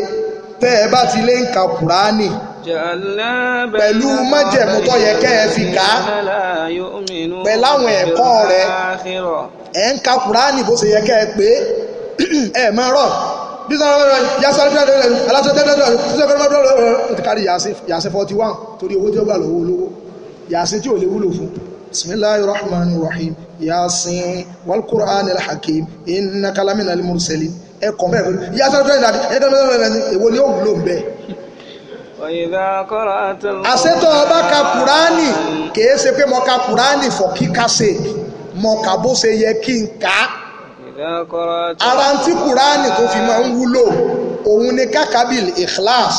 bil tẹ́ ẹ bá ti lé ń ka kùránì pẹ̀lú májẹ̀mú tó yẹ kẹ́ ẹ fi kà á pẹ̀lú àwọn ẹ̀kọ́ rẹ̀ ẹ̀ ń ka kùránì bó ṣe yẹ kẹ́ ẹ pé ẹ̀ máa rọ̀ bí sọ́nà lọ́rọ̀ yasọ́ aláṣọ tẹ́tẹ́tẹ́ ṣíṣẹ́ kọ́nà mọ́tò lọ́rọ̀ ó ti kárí yàsẹ́ forty one torí owó tí ó gbà lọ́wọ́ olówó yàsẹ́ tí ò lè wúlò fún bisimilahi rahman rahim yasin wal qur'an inna kalamina al ẹ kọ̀ mẹ́rin pẹ̀lú yíyá sọ́dọ̀ tẹ́lẹ̀ dáadé ẹ̀dá mẹ́rin mẹ́rin èwo ni ó wúlò ń bẹ́. àṣetọ̀ ọba ka kùránì kìí ṣe pé mo ka kùránì for kíkà sake yẹ kí n kà á. kùránì tó fi máa ń wúlò òun ni kákábìl ikhlas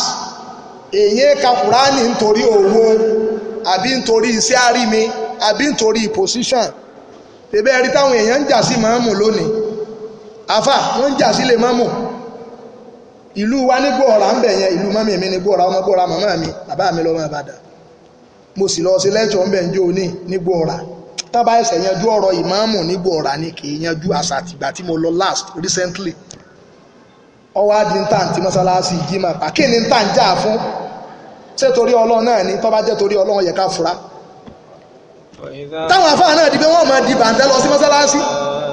èyí ka kùránì nítorí owó àbí nítorí iṣẹ́ àrími àbí táwọn èèyàn ń jà sí màámù lónìí Afa, wọ́n ń jà sílé mọ́mù ìlú wa ní gbòòrà ń bẹ̀ ìlú mọ́mì mi ní gbòòrà ọmọ gbòòrà mi bàbá mi mo sì lọ sí lẹ́tọ̀ ń bẹ̀ ń ní ní tábà ẹsẹ̀ yanjú ọ̀rọ̀ ní ni kì í yanjú àṣà mo lọ last recently ọwọ́ adìntàn tí mọ́sálásí ìjímà pàkí ni tàn já fún ṣé torí ọlọ́run náà ni tọ́ba jẹ́ torí ọlọ́run yẹ ká fura táwọn afáà náà di pé wọ́n máa di bàǹtẹ́ lọ sí mọ́sálásí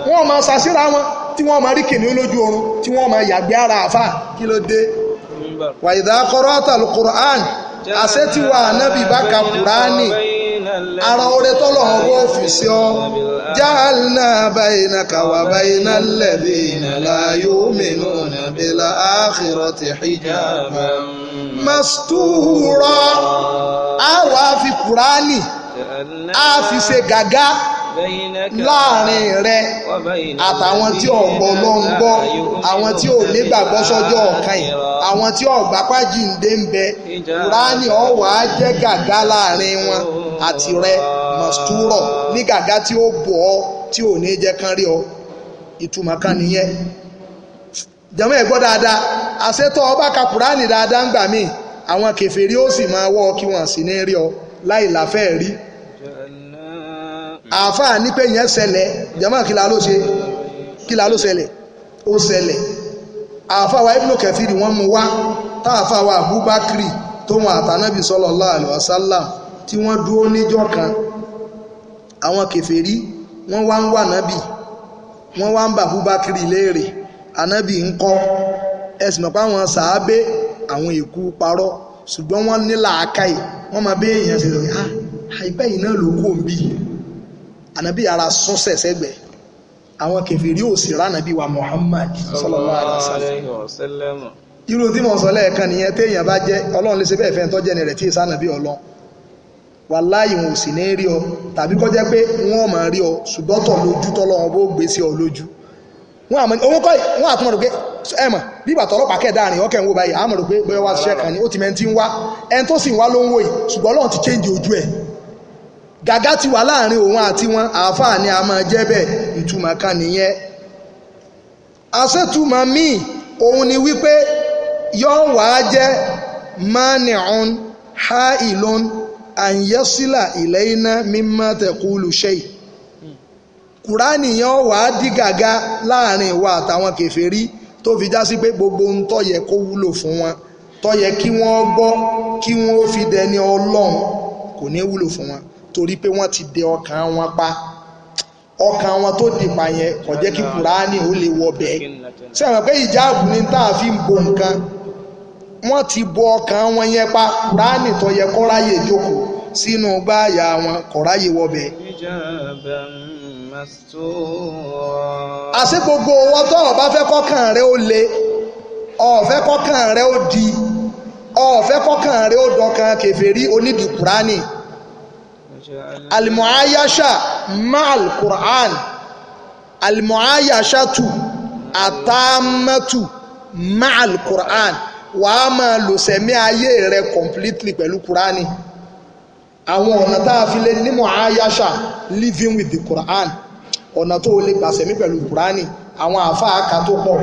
wọ́n tí wọ́n máa rí kìnìún lójú oorun tí wọ́n máa yàgbé ara àfà kí ló dé. wà ìdákọ́rọ́ àtàlù quran àṣẹ tí wà ánábì bá ka ara oore tọ́lọ̀ ọwọ́ òfìsí ọ jáàlínà báyìí kàwá báyìí náà lẹ́bí ìnàlá yóò mìíràn nàbẹ́lá àkìrọ̀ tẹ̀xíjà mastúrọ̀ àwa fi kùránì a fi ṣe gàgá láàrin rẹ àtàwọn tí ò gbọ́ lọ́n gbọ́ àwọn tí ò nígbàgbọ́ sọ́jọ́ ọ̀kan yìí àwọn tí ọ̀gbà pàjìǹde ń bẹ kúránì ọ̀wà á jẹ́ gàgá láàrin wọn àti rẹ mọ̀stúrọ̀ ní gàgá tí ó bọ̀ ọ́ tí ò ní jẹ́ kán rí ọ ìtumọ̀ kan nìyẹn jẹ́mọ́ ẹ̀gbọ́ dáadáa àṣetọ́ ọba ka kúránì dáadáa ń gbà míì àwọn kèfèrí ó sì máa wọ́ kí wọ́n sì ní rí ọ láì láfẹ́ rí àáfàá ní pé yẹn ṣẹlẹ̀ jama kí la ló ṣe kí la ló ṣẹlẹ̀ ó ṣẹlẹ̀ àáfàá wa ibùdó kẹfìrì wọ́n mú wá táàfàá wa abubakri tóun àtànábì sallallahu alaihi wasallam tí wọ́n dúró níjọ́ kan àwọn kẹfẹ́rí wọ́n wá ń wà nábì wọ́n wá ń bà abubakri léèrè ànábì ń kọ́ ẹ̀sìn mọ̀pá wọn sàábé àwọn èkú parọ́ ṣùgbọ́n wọ́n ní làákàyè wọ́n máa bẹ́ èèyàn ṣe lọ́yìn ah, àìpẹ́ yìí náà ló kó ń bí i ànábì ara sọ́sẹ̀ sẹ́gbẹ̀ àwọn kèfèrí ò sì rá ànábì wa Muhammad sallallahu alaihi wasallam irú tí mo sọ lẹ́ẹ̀kan nìyẹn téèyàn bá jẹ́ ọlọ́run lè ṣe bẹ́ẹ̀ fẹ́ẹ́ tọ́jẹ́ ni rẹ̀ tí ìsànàbí ọlọ́run wàláhì wọn ò sì ní rí ọ tàbí kó jẹ́ pé wọn ò máa rí ọ ṣùgbọ́n tọ̀ lójú tọ́lọ́run bó gbé sí ọ lójú wọn àmọ́ owó change ojú gàgá ti wà láàrin òun àti wọn àáfàá ni a máa jẹ́ bẹ́ẹ̀ ìtumọ̀ kan nìyẹn àṣetumọ̀ míì òun ni wípé yóò wá jẹ́ maniun hailon anyasila ilẹ̀yìnà mímọ́ tẹ̀kúlù ṣẹ́yì kùránì yẹn wà á di gàgà láàrin ìwà àtàwọn kèfèrí tó fi já sí pé gbogbo ohun tó kó wúlò fún wọn tó kí wọ́n gbọ́ kí wọ́n fi dẹni ọlọ́run kò ní wúlò fún wọn torí pé wọ́n ti dè ọkàn wọn pa ọkàn wọn tó dè pa yẹn kò jẹ́ kí kùránì ó lè wọ bẹ́ẹ̀ sẹ́wọ̀n pé ìjáàbù ni tá a fi ń bo nǹkan wọ́n ti bo ọkàn wọn yẹn pa kùránì tó yẹ kó ráyè jókòó sínú gbáàyà wọn kò wọ bẹ́ẹ̀. àṣé gbogbo owó tó o bá fẹ́ kọ́kàn rẹ ó le ọ̀fẹ́ kọ́kàn rẹ ó di ọ̀fẹ́ kọ́kàn rẹ ó dọ̀kan kèfèrí onídìí kùránì almuayasha ma'al quran almuayasha tu atamatu ma'al quran wàá máa lò sẹ̀mí ayé rẹ completely pẹ̀lú qurani àwọn ọ̀nà tá a fi lè ní muayasha living with the quran ọ̀nà tó lè gbà sẹ̀mí pẹ̀lú qurani àwọn àáfàá ka tó pọ̀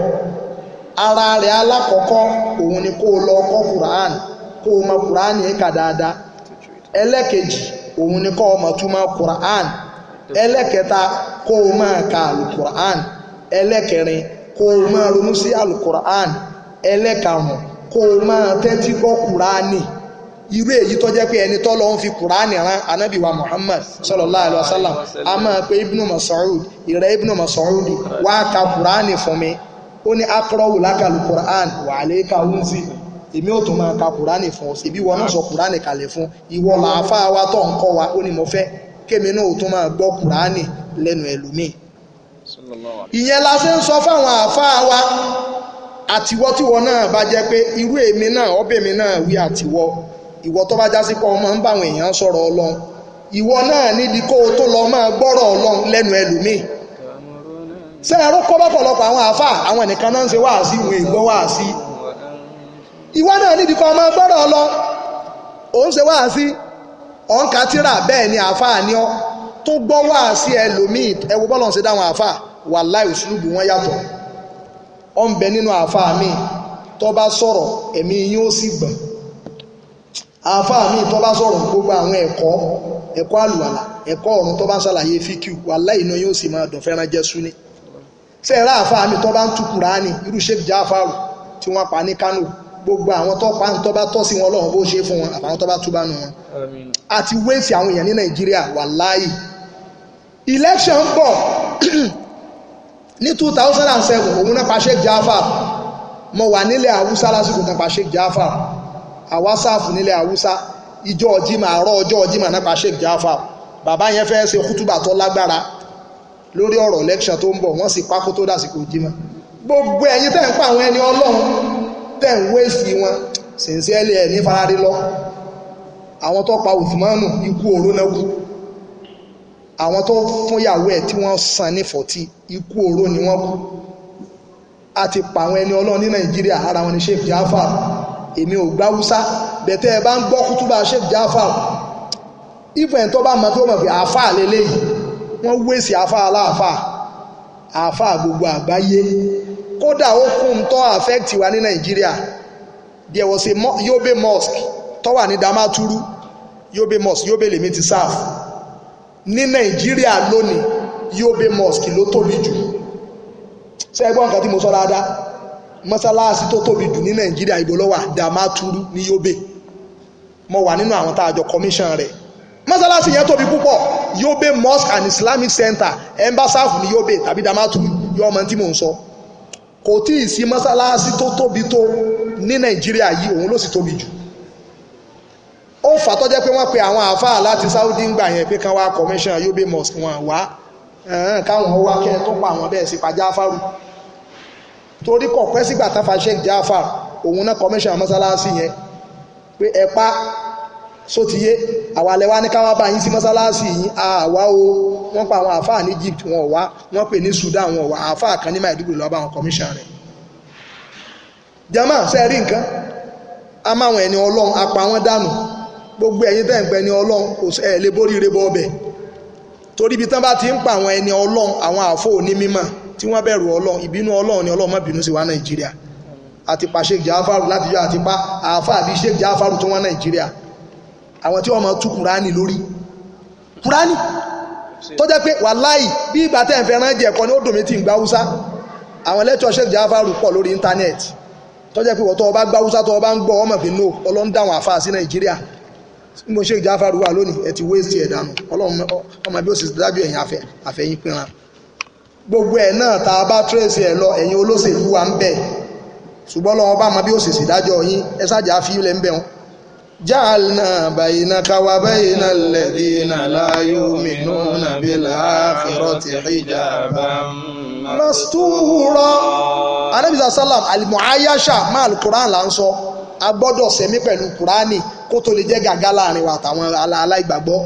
ara rẹ̀ alákọ̀ọ́kọ́ òun ni kó o lọ quran kó o mọ quran yẹn kà dáadáa òun ni kọ́ ọmọ túmọ̀ Quran ẹlẹ́kẹta kó o máa ka alukur'an ẹlẹ́kẹrin kó o máa ronú sí alukur'an ẹlẹ́karùn kó o máa tẹ́tí gbọ́ kùránì irú èyí tó jẹ́ pé ẹni tó lọ́n fi kùránì ran anábì wa muhammad sallallahu alayhi wa sallam a máa pe ibnu masoud ìrẹ́ ibnu masoud wá ka kùránì fún mi ó ní akọ́rọ̀wù lákàlù kùránì wà ounzi èmi ò tún máa ka kùránì fún ọ ṣèbí wọn náà sọ kùránì kalẹ̀ fún ìwọ làáfà wa tó ń kọ́ wa ó ní mo fẹ́ kémi náà ò tún máa gbọ́ kùránì lẹ́nu ẹlòmíì. ìyẹn la ṣe wa àtiwọ́ náà bá jẹ́ pé irú èmi náà ọbẹ̀ mi náà wí àtiwọ́ ìwọ tó bá já sí ọmọ ń èèyàn sọ̀rọ̀ ọlọ́run lọ máa gbọ́rọ̀ ọlọ́run lẹ́nu ẹlòmíì kọ́ àwọn àwọn ẹnìkan náà ń ṣe ìwọ náà nídìí kan ọmọ gbọ́dọ̀ lọ òun ṣe wáàsí ọ̀nkà tíra bẹ́ẹ̀ ni àáfàá ni ọ́ tó gbọ́ wáàsí ẹlòmíì ẹ wo bọ́lọ̀ ń ṣe dáhùn àáfàá wàláì òṣùlùbù wọn yàtọ̀ ọ̀ ń bẹ nínú àáfàá mi tó bá sọ̀rọ̀ ẹ̀mí yín ó sì gbọ̀n àáfàá mi tó bá sọ̀rọ̀ gbogbo àwọn ẹ̀kọ́ ẹ̀kọ́ àlùwàlà ẹ̀kọ́ ọ̀run tó bá ń ṣàlàyé fíkìú wàláì iná yóò sì máa dọ̀ fẹ́ràn jésù ni ṣé ẹ̀rá àáfàá mi tó bá ń tú Kùránì irú ṣéèbì jáfàárù tí wọ́n pa ní Kánò gbogbo àwọn tó pa tó bá tọ́ sí wọn lọ́wọ́ bó ṣe fún wọn àtàwọn tó bá túbá nu wọn. àti wéètì àwọn èèyàn ní nàìjíríà wàláì election ń bọ̀ ní two thousand and seven òun náà pàṣẹ jáfà mo wà nílẹ̀ haúsá lásìkò kan pàṣẹ jáfà àwa sáàfù nílẹ̀ haúsá ìjọ ọjímà àárọ̀ ọjọ́ ọjímà náà pàṣẹ jáfà bàbá yẹn fẹ́ ṣe kútùbà tó lágbára lórí ọ̀rọ̀ election tó ń bọ̀ wọ́n sì pákó tó dàsìkò jímà gbogbo ẹ̀yin tẹ́ ń pa àwọn ẹni ọlọ́run tẹ̀ ń wéèsì wọn sincerely ẹ̀ ní farare lọ àwọn tó pa Uthmanu ikú oró náà kú àwọn tó fúnyàwó ẹ̀ tí wọ́n san ní fọ̀tí ikú oró ni wọ́n kú a ti pa àwọn ẹni ọlọ́run ní Nàìjíríà ara wọn ni Sheikh Jaafar èmi ò gbá wúsá bẹ̀tẹ̀ ẹ bá ń gbọ́ kútúbà Sheikh Jaafar ìfọ̀ ẹ̀ tó bá mọ̀ tó mọ̀ pé àáfàá lélẹ́yìí wọ́n wéèsì àáfàá aláàfàá àáfàá gbogbo àgbáyé kódà ó kún tó affect wa ní nàìjíríà there was a yobe mosque tó wà ní damaturu yobe mosque yobe lèmi ti serve ní nàìjíríà lónìí yobe mosque ló tóbi jù ṣé ẹ gbọ́ nǹkan tí mo sọ dáadáa mọ́sálásí tó tóbi jù ní nàìjíríà ibo damaturu ní yobe mo wà nínú àwọn tá a jọ commission rẹ̀ mọ́sálásí yẹn tóbi púpọ̀ yobe mosque and islamic center embassy ni yobe tàbí damaturu yọ ọmọ tí mò ń sọ. So kò tí ì sí mọ́sálásí tó tóbi tó ní nàìjíríà yìí òun ló sì tóbi jù ó fà tó jẹ́ pé wọ́n pe àwọn àáfàá láti saudi ń gbà yẹn pé kán wá commission yobe mosque wọn wá káwọn wá kẹ́ tó pa àwọn bẹ́ẹ̀ sí pa jáfàrù torí kọ̀ pẹ́ sígbà táfa sheikh jáfàrù òun náà commission mọ́sálásí yẹn pé ẹ pa só ti yé àwa alẹ́wà ní káwá bá yín sí mọ́sálásì yín àwa o wọ́n pa àwọn àfáà ní Egypt wọn wá wọ́n pè ní Sudan wọn wá àfáà kan ní Maiduguri lọ́ba àwọn commissioner rẹ̀ jama sẹ́ẹ̀rí nǹkan a máa wọn ẹni ọlọ́run apá wọn dànù gbogbo ẹ̀yin tẹ́ ń pẹ́ ni ọlọ́run kò ẹ̀ lè borí ire bọ́ ọbẹ̀ torí ibi tán bá ti ń pa àwọn ẹni ọlọ́run àwọn àfọ òní mímọ́ tí wọ́n bẹ̀rù ọlọ́run ìbínú ọlọ́run ni ọlọ́run má sí wa Nàìjíríà àti pa Sheikh láti yọ àti pa àbí Sheikh Jafaru tó wọ́n Nàìjíríà àwọn tí wọ́n máa tú kùránì lórí kùránì tó jẹ́ pé wàláì bí ìgbà tẹ́ ń fẹ́ rán jẹ́ ẹ̀kọ́ ni ó dùn mí tí ń gba Hausa àwọn lẹ́tọ̀ ṣe jáfàrù pọ̀ lórí íńtánẹ́ẹ̀tì tó jẹ́ pé wọ́tọ̀ ọba gba Hausa tó ọba ń gbọ́ ọmọ pé no ọlọ́run dáwọn àfáà sí Nàìjíríà mo ṣe jáfàrù wà lónìí ẹ ti wéèsì ẹ̀ dànù ọlọ́run ọmọ bí ó sì dájú ẹ̀yìn àfẹ̀yìn pínra gbogbo ẹ̀ náà tá a bá tírèsì ẹ̀ lọ ẹ̀yin olóṣèlú wa جعلنا بينك وبين الذين لا يؤمنون بالآخرة حجابا مستورا anabi sallam alimuayasha máa alukuran là ń sọ a gbọ́dọ̀ sẹ̀mí pẹ̀lú kurani kó tó lè jẹ́ gàgá láàrin wa àtàwọn aláìgbàgbọ́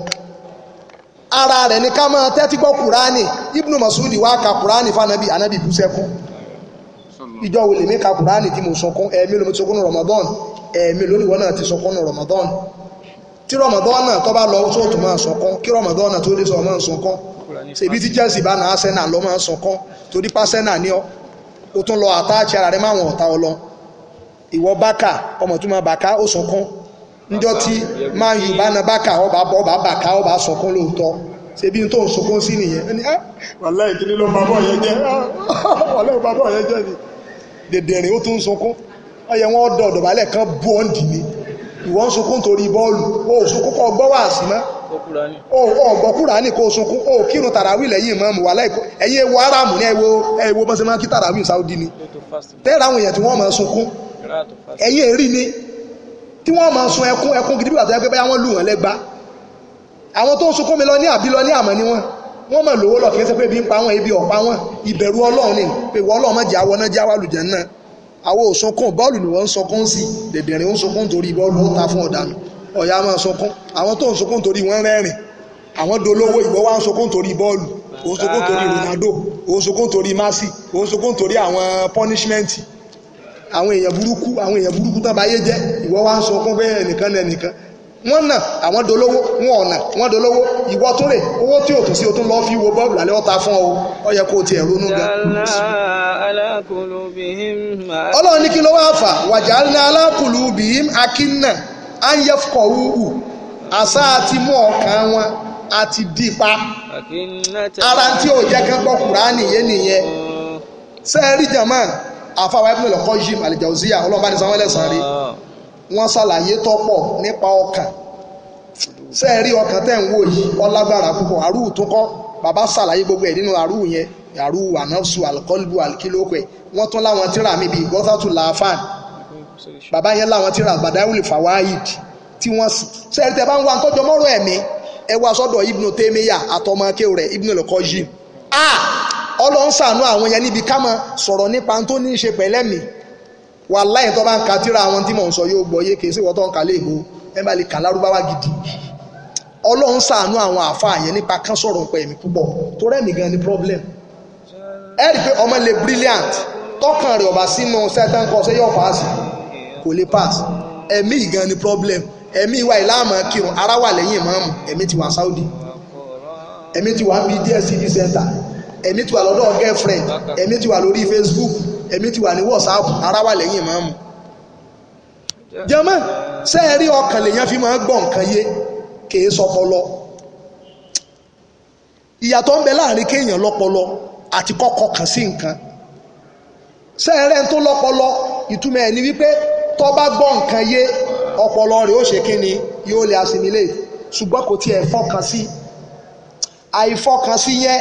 ara rẹ̀ ní ká máa tẹ́tí gbọ́ kurani ibnu masudi wá ka kurani fanabi anabi bú sẹ́kún ìjọ wo lèmi ka kùránì tí mo sọkún ẹ̀mí lómi sọkún Ramadan ẹ̀mí lónìí wọn náà ti sọkún Ramadan tí Ramadan náà tó bá lọ tó tó máa sọkún kí Ramadan náà tó lè sọ máa sọkún ṣèbí tí bá náà lọ máa sọkún ọ o tún lọ ara rẹ ọlọ ìwọ ọmọ tó máa bàká ó sọkún níjọ tí máa yù bá na ọba ọba bàká ọba sọkún lóòótọ́ tó sí nìyẹn dèdèrìn ó tún ń sunkún ọyẹ wọn dọ̀ ọ̀dọ̀bálẹ̀ kan bú ọ́ǹdì ni ìwọ ń sunkún torí bọ́ọ̀lù o sunkún kọ́ gbọ́ wà sí mọ́ o ọ̀gbọ́ Kùránì kò sunkún o kírun tàràwì lẹ́yìn mọ́mù wà láìpẹ́ ẹ̀yìn ewu aráàmù ní ẹ̀wọ̀ ẹ̀wọ̀ bọ́sẹ̀ máa kí tàràwì Saudi ni tẹ́ra àwọn èèyàn tí wọ́n máa sunkún ẹ̀yìn èrí ni tí wọ́n máa sun ẹkún ẹkún gidi bí wà tó yẹ pé báyà wọ́n lù wọ́n lẹ́gba àwọn tó ń sunkún mi lọ ní àbí lọ ní àmọ́ wọ́n mọ̀ lówó lọ kì í ṣe pé ibi ń pa wọn ibi ọ̀pá wọn ìbẹ̀rù ọlọ́run ni pé wọ́n ọlọ́run mọ̀jà wọn náà já wà lùjẹ́ náà àwọn ò sunkún bọ́ọ̀lù ni wọ́n ń sunkún sí dẹ̀dẹ̀rin ń sunkún torí bọ́ọ̀lù ó ta fún ọ̀dànù ọ̀yà máa sunkún àwọn tó ń sunkún torí wọ́n rẹ́rìn àwọn dolówó ìwọ wá ń sunkún torí bọ́ọ̀lù ó ń sunkún torí Ronaldo ó ń sunkún torí Messi ó ń sunkún torí àwọn punishment àwọn èèyàn burúkú àwọn èèyàn burúkú tán báyé jẹ́ ìwọ wá ń sunkún bẹ́ẹ̀ nìkan nìkan wọ́n nà àwọn dolówó wọn ọ̀nà wọ́n dolówó ìwọ tó rè owó tí ò tó sí o tún lọ́ọ́ fi wo bọ́ọ̀lù lálẹ́ ọ̀tá fún ọ ọ yẹ kó o tiẹ̀ ronú gan. ọlọ́run ní kí ló wáá fà wàjà ní alákùlù bìhím akínà anyẹfukọ̀ wúwù àṣà àti mú ọkàn wọn àti dìpa ara tí ò jẹ́ kán gbọ́ kúránì yé nìyẹn sẹ́ẹ̀rì jàmá àfàwọ̀ ẹ̀fúnilọ́kọ́ yìí màlìjà òsíyà ọlọ́run bá ní sanwó-ẹlẹ́sàn rí wọ́n ṣàlàyé tọ́pọ̀ nípa ọkàn ṣe é rí ọkàn tẹ́ ń wò yìí ọlágbára púpọ̀ àrùú tún kọ́ bàbá ṣàlàyé gbogbo ẹ̀ nínú àrùú yẹn àrùú ànáfsù àlùkọ́lùbù àlùkílókè wọ́n tún láwọn tíra mi bíi gọ́sàtù làáfàn bàbá yẹn láwọn tíra àgbàdáwìlì fàwáìd tí wọ́n ṣe é rí tẹ́ bá ń wá nǹkan jọmọ́rọ̀ ẹ̀mí ẹ wá sọ́dọ̀ ibnu tèmíyà àtọmọkéw rẹ̀ ibnu lọ́kọ́ yìí ah! ọlọ́run ṣàánú àwọn yẹn níbi ká máa sọ̀rọ̀ nípa tó ní í ṣe pẹ̀lẹ́mìí wàláhì tó bá ń ka tíra àwọn tí mò ń sọ yóò gbọ́ yé kèé sí wọ́n tó ń ka léèbó ẹ bá lè kà lárúbáwá gidi ọlọ́run ṣàánú àwọn àáfàá yẹn nípa kán sọ̀rọ̀ pẹ̀ mí púpọ̀ tó rẹ̀ mí gan ni problem ẹ rí i pé ọmọ lè brilliant tọkàn rẹ̀ ọba sínú certain course yóò pass kò lè pass ẹ̀mí yìí gan ni problem ẹ̀mí wa ìlànà kírun ara wà lẹ́yìn ìmáàmù ẹ̀mí ti wà Saudi ẹ̀mí ti wà níbi DSTV center ẹ̀mí ti wà lọ́dọ̀ girlfriend ẹ̀mí ti wà lórí Facebook èmi ti wà ní wọ́ọ̀sáàpù ara wà lẹ́yìn ìmáàmù jàmá sẹ́ẹ̀rí ọkàn lèèyàn fi máa gbọ́ nǹkan yé kèé sọpọlọ ìyàtọ̀ ń bẹ láàrin kéèyàn lọ́pọlọ àti kọ́kọ́ kàn sí nǹkan sẹ́ẹ̀rẹ́ tó lọ́pọlọ ìtumọ̀ ẹ̀ ni wípé tó bá gbọ́ nǹkan yé ọpọlọ rẹ̀ ó ṣe kí ni yóò lè assimilate ṣùgbọ́n kò tiẹ̀ fọkàn sí àìfọkàn sí yẹn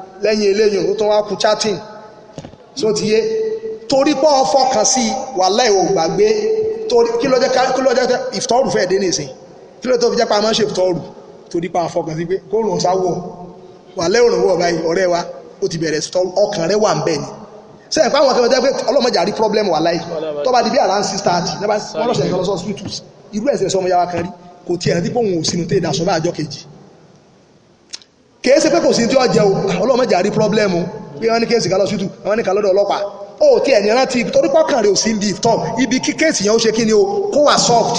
lẹ́yìn eléyìn ó tún wá kú chatting tí ó ti yé torí pọ́ fọkàn sí wàhálà ìwò gbàgbé kí ló jẹ́ ìfitọ́rù fẹ́ẹ̀ dé nìsín kí ló tó fi jẹ́ pa máa ń ṣe ìfitọ́rù torí pa fọkàn sí pé kóòrùn sáwọ̀ wàhálà ìrùn wọ̀ báyìí ọ̀rẹ́ wa ó ti bẹ̀rẹ̀ ọkàn rẹ̀ wà ń bẹ̀ ni sẹ́yìn pàwọn akẹ́kọ̀ọ́ jẹ́ pé ọlọ́mọdé àrí problem wàhálà yìí tó bá di bí àrà ń sí stáàtì wọ́n lọ́sẹ̀ ìkọlọ́sọ́ hospitals irú ẹ̀sẹ̀ sọmọ yàrá kan rí kò tiẹ̀ rántí kìí ṣe pé kò sí tí ó jẹ o ah, ọlọ́run má jàrí pírọ́blẹ́mù bí wọ́n ní kéèsì ká lọ sí tù wọ́n ní ká lọ́dọ̀ ọlọ́pàá ó ti ẹ̀ ní rántí torí pọ́kàn rẹ̀ ò sí ibi ìtọ́ ibi kí kéèsì yẹn ó ṣe kí ni o kó wà soft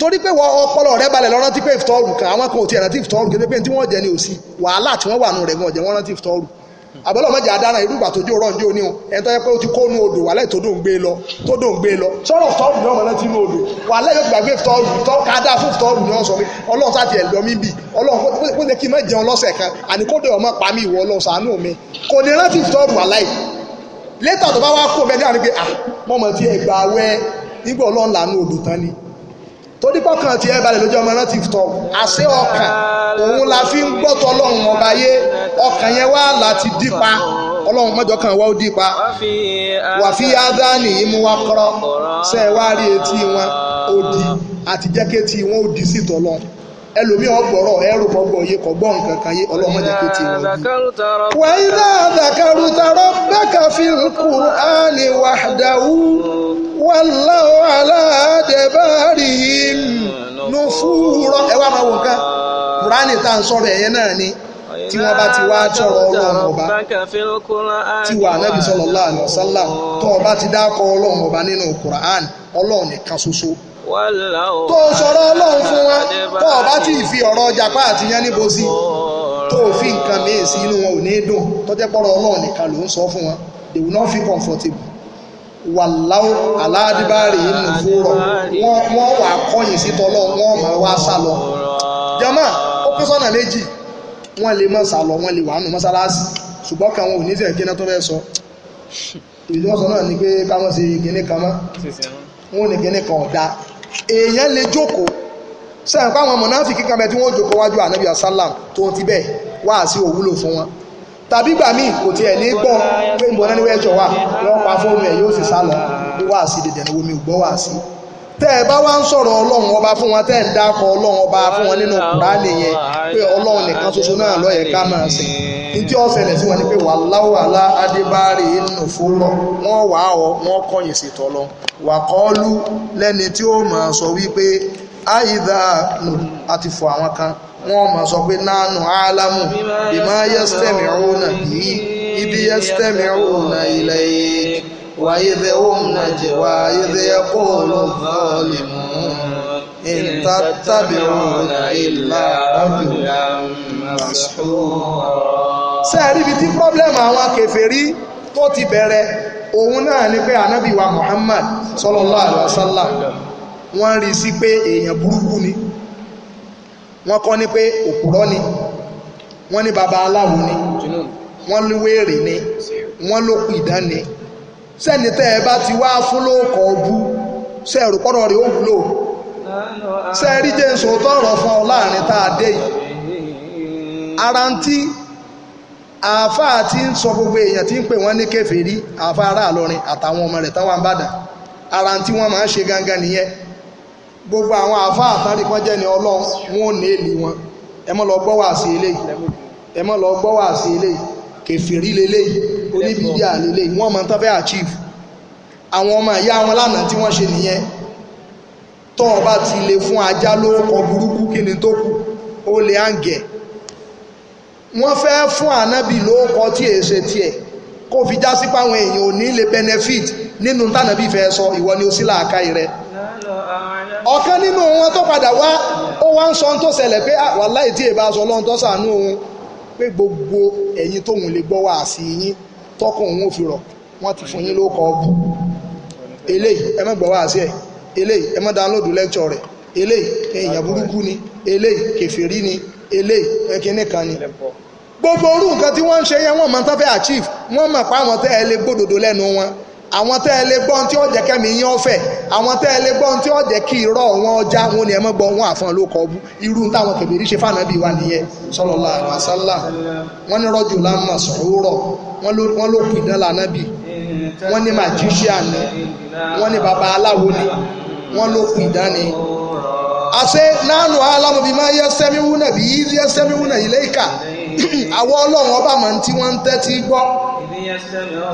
torí pé wọ́n ọpọlọ rẹ̀ balẹ̀ lọ rántí pé ìfitọ́rù kan àwọn kan ò ti ẹ̀ rántí ìfitọ́rù kí pé tí wọ́n jẹ ni ò sí wàhálà tí wọ́n wà nù rẹ̀ gan jẹ wọ́n rántí ìfitọ́rù àbọ̀lọ́ mọ̀jà adára irúgbà tó jó rọ̀njó ní o ẹni yẹ pé o ti kó nu odò wàlẹ́ tó dùn gbé lọ tó dùn gbé lọ sọ̀rọ̀ tọ́ọ̀rù ní ọmọ ti nu odò wàlẹ́ yóò gbàgbé tọ́ọ̀rù tọ́ káàdá fún tọ́ọ̀rù ní ọ̀sán mi ọlọ́run sáti ẹ̀dọ́ mi bì ọlọ́run kó jẹ́ kí n má jẹun lọ́sẹ̀ kan àní kó dé ọmọ pa mí ìwọ ọlọ́run ṣàánú mi kò ní torí pọ́kàn ti ẹ balẹ̀ lójú ọmọ náà ti tọ̀ àṣẹ ọkàn òun la fi ń gbọ́tọ̀ ọlọ́run ọba yé ọkàn yẹn wá láti dípa ọlọ́run mọ́jọ kan wá ó dípa wà fi yáda nìyí mú wa kọ́rọ́ sẹ́ẹ̀ wá rí etí wọn ó di àtijẹ́kẹ́ tí wọn ó di sí tọ́lọ́run ẹlòmí ọgbọ̀rọ̀ ẹrù gbogbo yìí kò gbọ́ nǹkan kan yìí ọlọ́mọdé kò ti wọ́n bí. wà á yíná àdàkàrúta rọ́bẹ́kà fi kùrù áàlì wàdàwù wà láwọ aláàdẹ̀bárì nù fúrọ̀. ẹ wá máa wò nǹkan kùránì tá à ń sọ̀rọ̀ ẹ̀yẹ náà ni tí wọ́n bá ti wá sọ̀rọ̀ ọlọ́run ọba tí wà nábì sallallahu alaihi tó ọba ti dákọ̀ ọlọ́run ọba nínú kùránì ọlọ́run nìkan ṣoṣo tó sọ̀rọ̀ ọlọ́run fún wọn tó o bá tí ì fi ọ̀rọ̀ japa àti yẹn níbo sí tó o fi nǹkan míì sí inú wọn ò ní dùn tọ́jẹ́ pọ̀rọ̀ ọlọ́run nìkan ló ń sọ fún wọn they will not feel comfortable wàláwò aládìbárè inú fúrọ̀ wọ́n wọ́n wà kọ́yìn sí tọ́lọ́ wọ́n máa wá sá lọ jama ó pín sọ́nà méjì wọ́n lè má sá lọ wọ́n lè wà nù mọ́sálásí ṣùgbọ́n kan wọn ò ní fẹ́ kí náà tó fẹ́ sọ ìlú ọ̀sán náà ni pé káwọn ṣe kíní kan mọ́ wọn ò ní kíní kan ọ̀dà èèyàn lè jókòó sẹ́yìn pé àwọn mọ̀nàfíkì kan bẹ tí wọ́n jókòó wájú ànábì asálàm tó ti bẹ́ẹ̀ wá sí òwúlò fún wọn tàbí gbà míì kò tiẹ̀ ní gbọ́ pé ìbọn náà ní wẹ́ẹ̀jọ wà wọ́n pa fóònù ẹ̀ yóò sì sá lọ wá sí dèdè ní omi ògbọ́ wá sí i tẹ ẹ bá wá ń sọ̀rọ̀ ọba fún wọn tẹ́ ẹ ń ọba fún wọn nínú kùránì yẹn pé ọlọrun nìkan ṣoṣo náà yẹ ká máa sìn ní tí ó wọn ni pé wà láwàlá adébárì inú wà ọ wọn kọ̀yìn sí tọlọ wà kọlu lẹ́ni tí ó máa sọ wípé nù àti fọ àwọn kan wọn máa sọ pé nánú álámù ìmọ̀ وإذ هم نجوى إذ يقول الظالمون إن تتبعون إلا رجلا مسحورا sẹ́ẹ̀rí ibi tí pọ́blẹ́mù àwọn kèfèrí tó ti bẹ̀rẹ̀ òun náà ni pé ànábì wa Muhammad sallallahu alaihi wasallam wọ́n rí sí pé èèyàn burúkú ni wọ́n kọ́ ni pé òpùrọ́ ni wọ́n ní baba aláwo ni wọ́n lúwèrè ni wọ́n ló pìdán ni sẹ́ni ẹ bá ti wá fún lóòkọ̀ ọbú ṣe ẹ̀rù pọ́nrọ̀ rẹ̀ ó wúlò ṣe rí jésù tọrọ fún ọ láàrin tá a dé yìí ara ń tí àáfàá ti ń sọ gbogbo èèyàn tí ń pè wọ́n ní kèfèrí àáfàá ará àlọrin àtàwọn ọmọ rẹ̀ táwọn àbàdàn ara ń tí wọ́n máa ń ṣe gangan nìyẹn gbogbo àwọn àáfàá àtàrí kan jẹ́ ni ọlọ́run wọn ò ní èlì wọn ẹ mọ́ lọ gbọ́ wàásì eléyìí ẹ mọ́ lọ gbọ́ wàásì eléyìí kẹfìrí lélẹ́yìí oníbídíà lélẹ́yìí wọ́n mọ tán fẹ́ achieve àwọn ọmọ ìyá wọn lánàá tí wọ́n ṣe nìyẹn tó o bá ti lè fún ajá lórúkọ burúkú kí ni tó kù ó lè àǹgẹ̀ wọ́n fẹ́ fún ànábì lórúkọ tí èé ṣe tiẹ̀ kó fi já sí páwọn èèyàn ò ní lè benefit nínú tànàbí fẹ́ sọ ìwọ ni ó sí làákàyè rẹ ọ̀kan nínú wọn tó padà wá ó wá ń sọ tó ṣẹlẹ̀ pé ah, wàláì tí èèbá sọ lọ́n tó ṣàánú òun pé gbogbo ẹ̀yin tóun lè gbọ́ wá sí yín tọkàn òun ò fi rọ̀ wọ́n ti fún yín ló kọ́ ọ̀bù eléyìí gbọ́ wá sí ẹ̀ eléyìí ẹ má download lecture rẹ̀ eléyìí èèyàn burúkú ni eléyìí kèfèrí ni eléyìí ẹkíní kan ni gbogbo orú nǹkan tí wọ́n ń ṣe yẹn wọ́n mọ̀ tán fẹ́ achieve wọ́n mọ̀ pa àwọn lẹ́nu wọn àwọn tẹ́ ẹ lè gbọ́ ohun tí ó jẹ́ kẹ́mi yín ọ̀fẹ́ àwọn tẹ́ ẹ lè gbọ́ ohun tí ó jẹ́ kí irọ́ wọn ọjà wọn ni ẹ mọ́ gbọ́ wọn àfọn ló kọ́ bú irú táwọn kèbèrè ṣe fáànà bíi wà nìyẹn sallallahu alaihi wasallam wọn ní rọ́jò lámà sọ̀rọ̀ wọn ló kù ìdánlá nábì wọn ní màjíṣíà ni wọn ní baba aláwo ni wọn ló kù ìdánni. àṣẹ nánú alámọ̀ bíi máa yẹ sẹ́mi bíi yẹ sẹ́mi ilé ìkà àwọn ọlọ́run ọba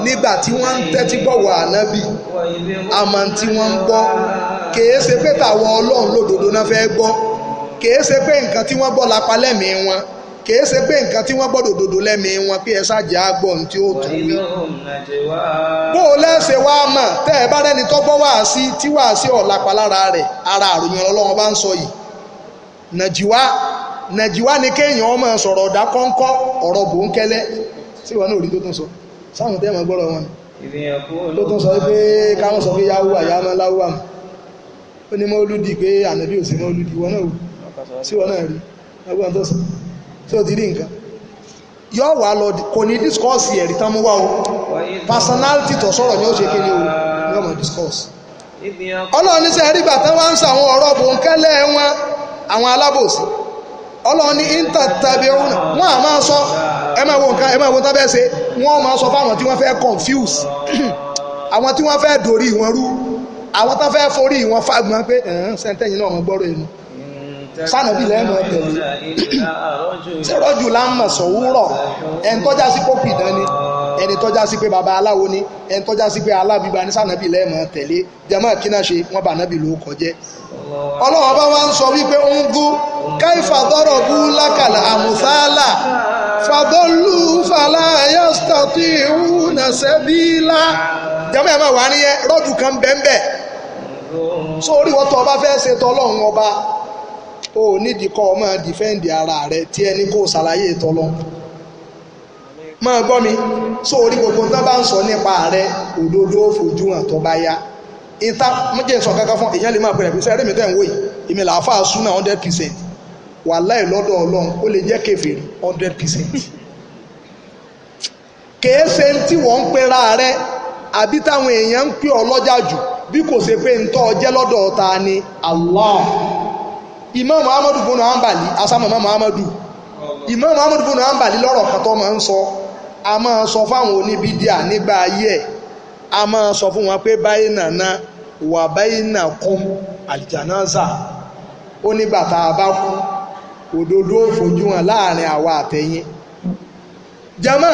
nígbà tí wọ́n ń tẹ́tí gbọ̀wọ̀ ànábì àmọ́ tí wọ́n ń gbọ́ kèé ṣe pé tàwọn ọlọ́run lòdòdó náà fẹ́ gbọ́ kèé ṣe pé nǹkan tí wọ́n gbọ́ lápá lẹ́mìí wọn kìí ṣe pé nǹkan tí wọ́n gbọ́dọ̀ dòdò lẹ́mìí wọn pé ẹ ṣáàjẹ́ àgbọ̀n tí ó tún wí. bó o lẹ́sẹ̀ wá mọ̀ tẹ́ ẹ bá rẹ́ni tó gbọ́ wá sí tí wá sí ọ̀la palára rẹ̀ ara àròyìn ọlọ́wọ́n bá ń sọ yìí. nàjìwá nàjìwá ni kéèyàn ọmọ sọ̀rọ̀ ọ̀dà kọ́ńkọ́ ọ̀rọ̀ bòńkẹ́lẹ́ sí wọn náà rí tó tún sọ. sáwọn tẹ́ mọ̀ gbọ́rọ̀ wọn ló tún sọ pé káwọn sọ pé yáwó àyámọ́ láwọ́ àmọ́ ó ní mọ́lúdì pé ànábì ò sí mọ́lúdì wọn náà sí wọn náà rí ọgbọ́n tó sọ tí ó ti rí nǹkan yóò wà lọ kò ní discourse ẹ̀rí tán mú wá o personality tó sọ̀rọ̀ ni ó ṣe kéde o ní ọmọ discourse ọlọ́run ní sẹ́ẹ̀rí gbà tán wá ń sọ àwọn ọ̀rọ̀ bòńkẹ́lẹ́ wọn àwọn alábòsí ọlọ́run ní intattabi'una wọ́n á máa sọ ẹ máa wo nǹkan ẹ máa wo tábẹ́ ṣe wọ́n máa sọ fáwọn tí wọ́n fẹ́ confuse àwọn tí wọ́n fẹ́ dorí wọn rú àwọn tó fẹ́ forí wọn fagbọn pé sẹ́ńtẹ́yìn náà mọ̀ gbọ́rọ̀ ẹnu sànàbí lẹ́nu ọ̀tẹ̀lẹ̀ ṣé rọ́jù láǹmọ̀ sọ̀wúrọ̀ ẹ̀ ń tọ́já sí pópì dání ẹni tọ́já sí pé baba aláwo ni ẹni tọ́já sí pé alábìbá ní sànàbì lẹ́ẹ̀mọ́ tẹ̀lé jẹ́mọ́ kí náà bá nábì ló kọjẹ́. ọlọ́wọ́ bá wá ń sọ wípé ń gún káìfà dọ́rọ̀ bú lákàlà àmùsálà fàdọ́lù fàlà yọ́sítọ́tì ìhùnà sẹ́bílà. jẹ́mọ́ ẹ̀ máa wà níyẹn rọ́ọ̀dù kan bẹ́ẹ̀ sórí wọ́tọ̀ ọba fẹ́ ṣe tọ́lọ́run ọba ò nídìí kọ́ ọmọ Ma gbọ́ mi so orí gbogbo tó bá ń sọ nípa rẹ òdodo fojú hàn tó bá yá ìta mọ́jẹ́ ìsọ̀ kankan fún èèyàn lè máa bẹ̀rẹ̀ pé sẹ́rẹ́ mi tẹ̀ ń wòye èmi là á fà á sún náà hundred percent wàláì lọ́dọ̀ ọlọ́run ó lè jẹ́ kèfèrí 100%. percent kèé ṣe ń tí wọ́n ń pera rẹ àbí táwọn èèyàn ń pè ọ lọ́jà jù bí kò ṣe pé ń tọ́ ọ jẹ́ lọ́dọ̀ ọ̀tá ni Allah Imam Muhammadu Bono Hanbali asámọ̀ Imam Muhammadu Imam Muhammadu Bono Hanbali lọ́rọ̀ kan tó máa ń sọ a máa sọ fáwọn oníbídíà nígbà ayé ẹ̀ a máa sọ fún wọn pé báyìí nàna wà báyìí nà kún àlìjànáza ó nígbà tá a òdodo ó fojú láàrin àwa àtẹ̀yìn jama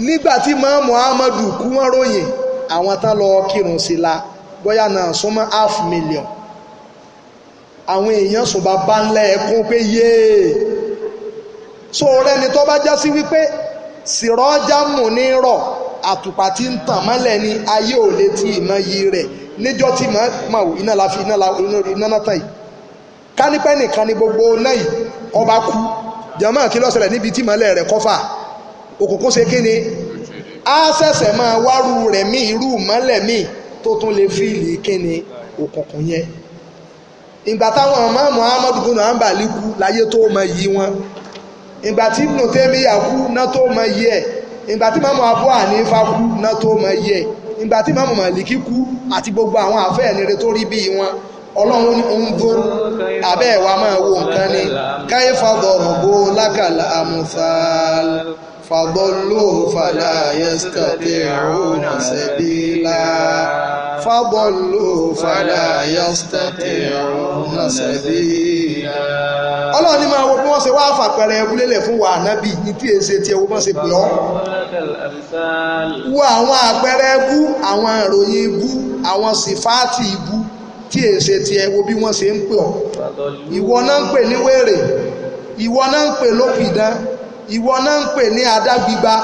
nígbà tí mọ́mọ́ amadu kú wọ́n ròyìn àwọn tán lọ kírun sí la bóyá náà súnmọ́ half million àwọn èèyàn sùn bá bá ńlẹ̀ ẹkún pé yéé so rẹni tó bá já sí wípé sìrọ́jà múnirọ̀ àtùpà tí ń tàn mọ́lẹ̀ ni ayé ò lè ti ìmọ̀ yìí rẹ̀ níjọ́ tí mà mọ̀ iná la fi iná la iná náà yìí náà ọba kú jàmáà kí ló níbi tí mọ́lẹ̀ rẹ̀ ni á ṣẹ̀ṣẹ̀ máa wárú rẹ̀ mí irú mọ́lẹ̀ mí tó lè kí ni òkùnkùn yẹn ìgbà táwọn ọmọ àmọ́ líkú láyé ìgbà tí Ibn Taymiya kú ná tó mọ iye ẹ̀ ìgbà tí mọ́mọ́ Abu Hanifa kú ná tó mọ ẹ̀ ìgbà tí gbogbo àwọn àfẹ́ ẹ̀nire tó rí bí wọn ọlọ́run ń dó abẹ́ ẹ̀wà máa wo nǹkan ni káyífà dọ̀rọ̀ bó lákàlà فضلوا فلا يستطيعون سبيلا فضلوا فلا يستطيعون سبيلا ọlọ́run ní máa wo bí wọ́n ṣe wá fàpẹrẹ ẹbúlélẹ̀ fún wa ànábì ní tí èsì tí ẹwọ́ bá ṣe pè ọ́ wo àwọn àpẹrẹ ẹbú àwọn ìròyìn ibú àwọn sífáàtì ibú tí èsì tí ẹwọ́ bí wọ́n ṣe ń pè ọ́ ìwọ náà ń pè ní wèrè ìwọ náà ń pè lópìdán ìwọ náà ń pè ní adágbígba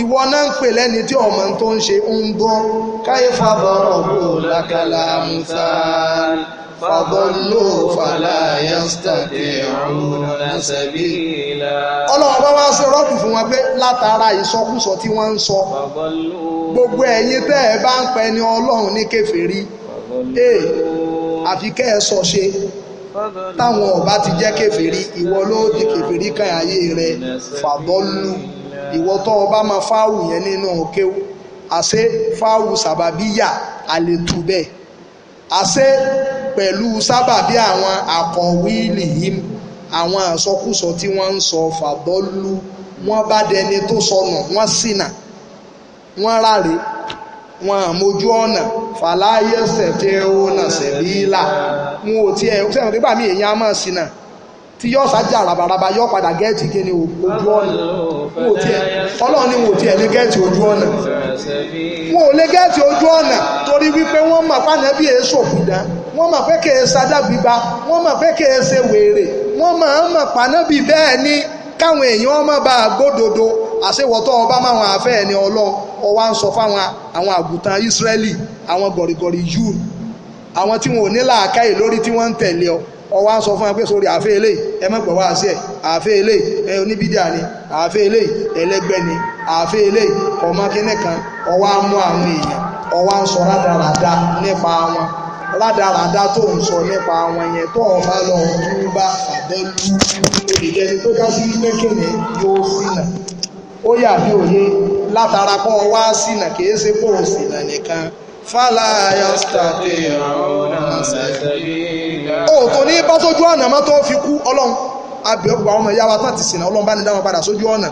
ìwọ náà ń pè lẹ́ni tí ọmọ tó ń ṣe ń gbọ́ káyé fàbọ̀rọ̀ bò lákàlà musa fàbọ̀lò fàlàyé stàdé ọ̀rùnà sẹ́bí. ọlọ́run bá wá sí rọ́ọ̀bù fún wọn pé látara ìsọkúsọ tí wọ́n ń sọ gbogbo ẹ̀yin tẹ́ ẹ bá ń pè ní ọlọ́run ní kèfèrí àfi kẹ́ ẹ sọ ṣe táwọn ọba ti jẹ́ kèfèrí ìwọ ló di kèfèrí kan ayé rẹ fàbọ́lù ìwọ tó ọba máa fáwù yẹn nínú kéwù àṣé fáwù sàbàbíyà àlètù bẹ́ẹ̀ àṣé pẹ̀lú sábàbí àwọn àkọ̀wíìlì yìí àwọn àsọkúsọ tí wọ́n ń sọ fàbọ́lù wọ́n bá dẹni tó sọnù wọ́n ṣìnà wọ́n ráre wọn àmójú ọ̀nà fàlàyé ṣẹ̀tẹ̀ ọ̀nà ṣẹ̀bílà wọn ò lila sẹ́wọ̀n nígbà míì èèyàn á máa sí náà tí yọ́ sájà rabaraba yọ́ padà gẹ́ẹ̀tì kí ni ojú ọ̀nà ọlọ́run ni wọn ò tiẹ̀ lé gẹ́ẹ̀tì ojú ọ̀nà wọn ò lé gẹ́ẹ̀tì ojú ọ̀nà torí wípé wọ́n mọ̀ bí wọ́n mọ̀ pé wọ́n mọ̀ pé ṣe ni káwọn èèyàn ọmọ bá àṣewọ̀tọ́ ọba máwọn àfẹ́ ẹni ọlọ́ ọwá ń sọ fáwọn àwọn àgùntàn Ísírẹ́lì àwọn gọ̀rìgọ̀rì yúù àwọn tí wọn ò ní làákàyè lórí tí wọ́n ń tẹ̀lé ọ ọwá ń sọ fún wọn pé sórí àfẹ́ ilé ẹ mọ̀pẹ̀ wá sí ẹ̀ àfẹ́ ilé ẹ oníbídà ni àfẹ́ ilé ẹlẹ́gbẹ́ ni àfẹ́ ilé ọmọ kínní kan ọwá mú àwọn èèyàn ọwá ń sọ rádaràda nípa wọn rádaràda tó ń sọ nípa wọn yẹn tó ọba lọ tún bá àbẹ́lú olùjẹni tó ká sí pé kéde yóò sínà ó yà bí òye látara pọ̀ wá sínà kìí ṣe pò sínà nìkan fàlàyà stàdé ó tó ní bá sójú ọ̀nà má fi kú ọlọ́run ọgbà ọmọ ìyá wa sìnà ọlọ́run bá ní dáwọn padà sójú ọ̀nà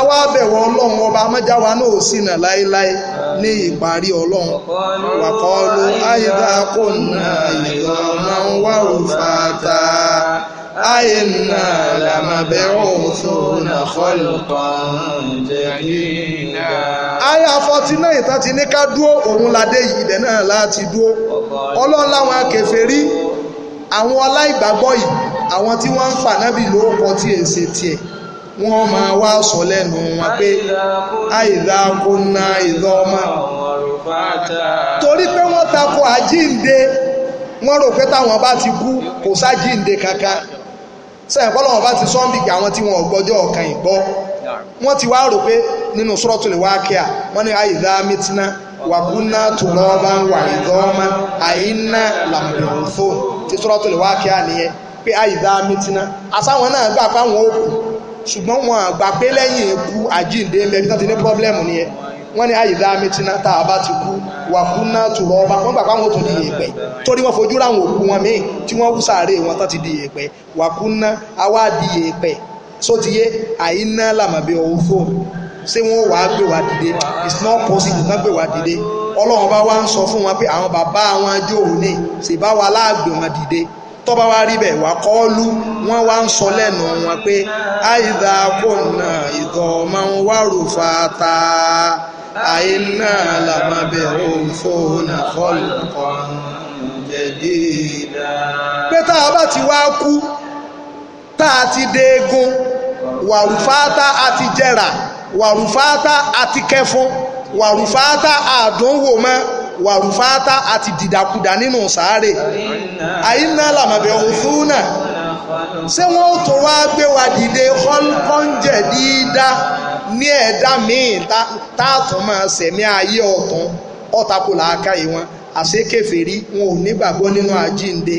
ọba náà ò láéláé ní ìparí أئنا لمبعوثون خلقا جديدا àyà forty nine tá ti ní ká dúró òun ládé yìí ìdẹ̀ náà láti dúró ọlọ́run láwọn akẹfẹ́rí àwọn aláìgbàgbọ́ yìí àwọn tí wọ́n ń fà nábì lórúkọ tí èyí ṣe tiẹ̀ wọ́n máa wá sọ lẹ́nu wọn pé àìdá kò na ìlọ ọmọ torí pé wọ́n tako àjíǹde wọ́n rò pé táwọn bá ti kú kò sájíǹde kankan sẹ́yìn kọ́ lọ́wọ́ bá ti sọ́ńbì pé àwọn tí wọn ò gbọ́jọ́ ọ̀kan ìgbọ́ wọ́n ti wá rò pé nínú Suratul Waqi'a wọ́n ní àìdá mítínà wàkúnná tùrọ́bà wà ìdọ́ọ́mà àìnà làmùbẹ̀rùfò ti Suratul Waqi'a nìyẹn pé àìdá mítínà àsáwọn náà gbà pé àwọn ò kú ṣùgbọ́n wọn àgbà pé lẹ́yìn ikú àjíǹde ń bẹ bí wọ́n ti ní pọ́blẹ́mù nìyẹn wọ́n ní àyè dá mítínà tá a bá ti kú wà kú náà tù rọ́ọ̀bà wọ́n gbà páwọn òtún di yèèpẹ̀ torí wọ́n fojú ráwọn òkú wọn míì tí wọ́n wú sàárè wọn tán ti di yèèpẹ̀ wà kú náà awá di yèèpẹ̀ sótìyé àyínà làmàbí ọ̀hún ṣé wọ́n wàá gbé wa dìde it's not possible kán gbé wa dìde ọlọ́run bá wá ń sọ fún wọn pé àwọn bàbá wọn jó òní sì bá wa láàgbé wọn dìde tó wá rí bẹ́ẹ̀ wá kọ́ọ́lù wọ́n wá ń sọ lẹ́nu wọn pé àìdá kò náà ìdọ̀ ọmọ wọn wá rò fata inna lamab'uthuna khalqan jadida. pé tá a bá ti wá kú tá a ti déegun wàrúfáátá àti jẹrà wàrúfáátá àti kẹfún wàrúfáátá àdánwò mọ́ wàrúfáátá àti dìdàkudà nínú sàárè àyínná làmàbẹ̀ òfúnà ṣé wọn ò tó wá gbé wa dìde kọ́ńjẹ̀ dídá ní ẹ̀dá míì táàtún máa ṣẹ̀mí ayé ọ̀tún ọ̀tàkù làákàyè wọn àṣekèfèrí wọn ò nígbàgbọ́ nínú àjínde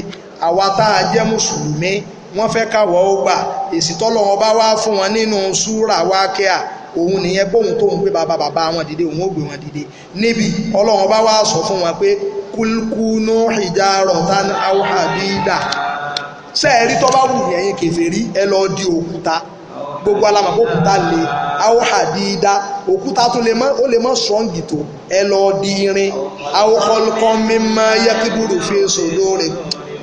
àwa tá a jẹ́ mùsùlùmí wọ́n fẹ́ káwọ́ ó gbà èsì tọ́lọ́ wọn bá wá fún wọn nínú súrà wákẹ́à òun nìyẹn bóun tóun gbé bàbá bàbá wọn dìde òun ó gbé wọn dìde níbi ọlọ́run bá wá sọ fún wọn pé kúlkúnú ìjà rọ̀tán áwùhàdídà sẹ́ẹ̀rí tó bá wù yẹn yẹn kèsè rí ẹ lọ di òkúta gbogbo alamọ̀ òkúta le awọ́hà dídá òkúta tó lè mọ́ ó lè mọ́ sọ́ǹgì tó ẹ lọ di irin awọ́kọ́lùkọ́ mímọ́ yẹ́kíbúrú fi èso lóore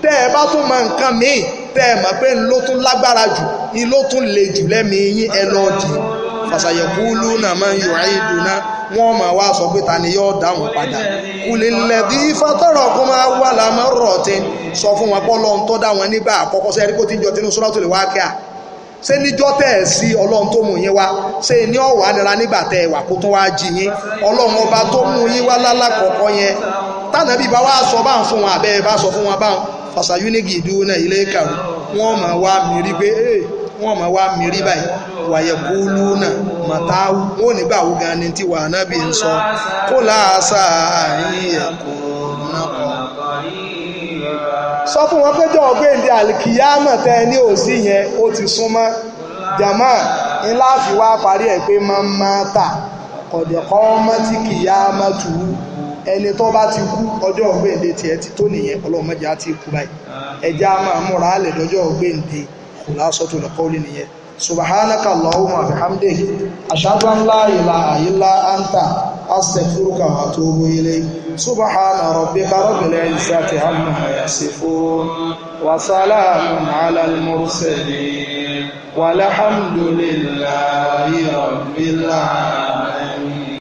tẹ́ ẹ bá tún mọ nǹkan míì tẹ́ ẹ mọ̀ pé ńlọ lágbára jù ńlọ tún jù lẹ́mìí yín ẹ lọ fàṣàyẹ̀kú na máa ń yọ̀ ayé dùnà wọ́n máa wá sọ pé ta ni yóò dáhùn padà kùlìlẹ̀dí fatọ́rọ̀ kó wà sọ fún wọn dá wọn kó ti ń jọ tinú tó lè wá kíá ṣé sí tó mú yín wá ṣé ní nira nígbà wà kó sọ báwọn fún wọn àbẹ́ bá sọ fún wọn báwọn fàṣàyúnigì ìdúró náà ilé wá wọ́n máa wá mìírí báyìí wàyẹ̀ kú lúnà màtáwù wọ́n nígbà wo gan ni tí wà nábì ń sọ kó láàásà àyẹ̀kọ́ náà sọ fún wọn pé jọ̀ọ́ gbèǹde àlìkìyámọ̀ tẹ ní òsì yẹn ó ti súnmọ́ jàmá ńlá fi wá parí ẹ̀ pé máa ń tà kọ̀dẹ̀kọ́ mọ́tì tù ú ẹni tó bá ti kú ọjọ́ gbèǹde tiẹ̀ ti tó nìyẹn ọlọ́mọdé á ti kú báyìí ẹ̀já máa múra á gbèǹde khulasatul qawli nìyẹn subhanaka allahumma bihamdik ashhadu an la ilaha illa anta astaghfiruka wa atubu ilayk subhana rabbika rabbil izzati amma yasifun wa salamun ala al mursalin walhamdulillahi rabbil alamin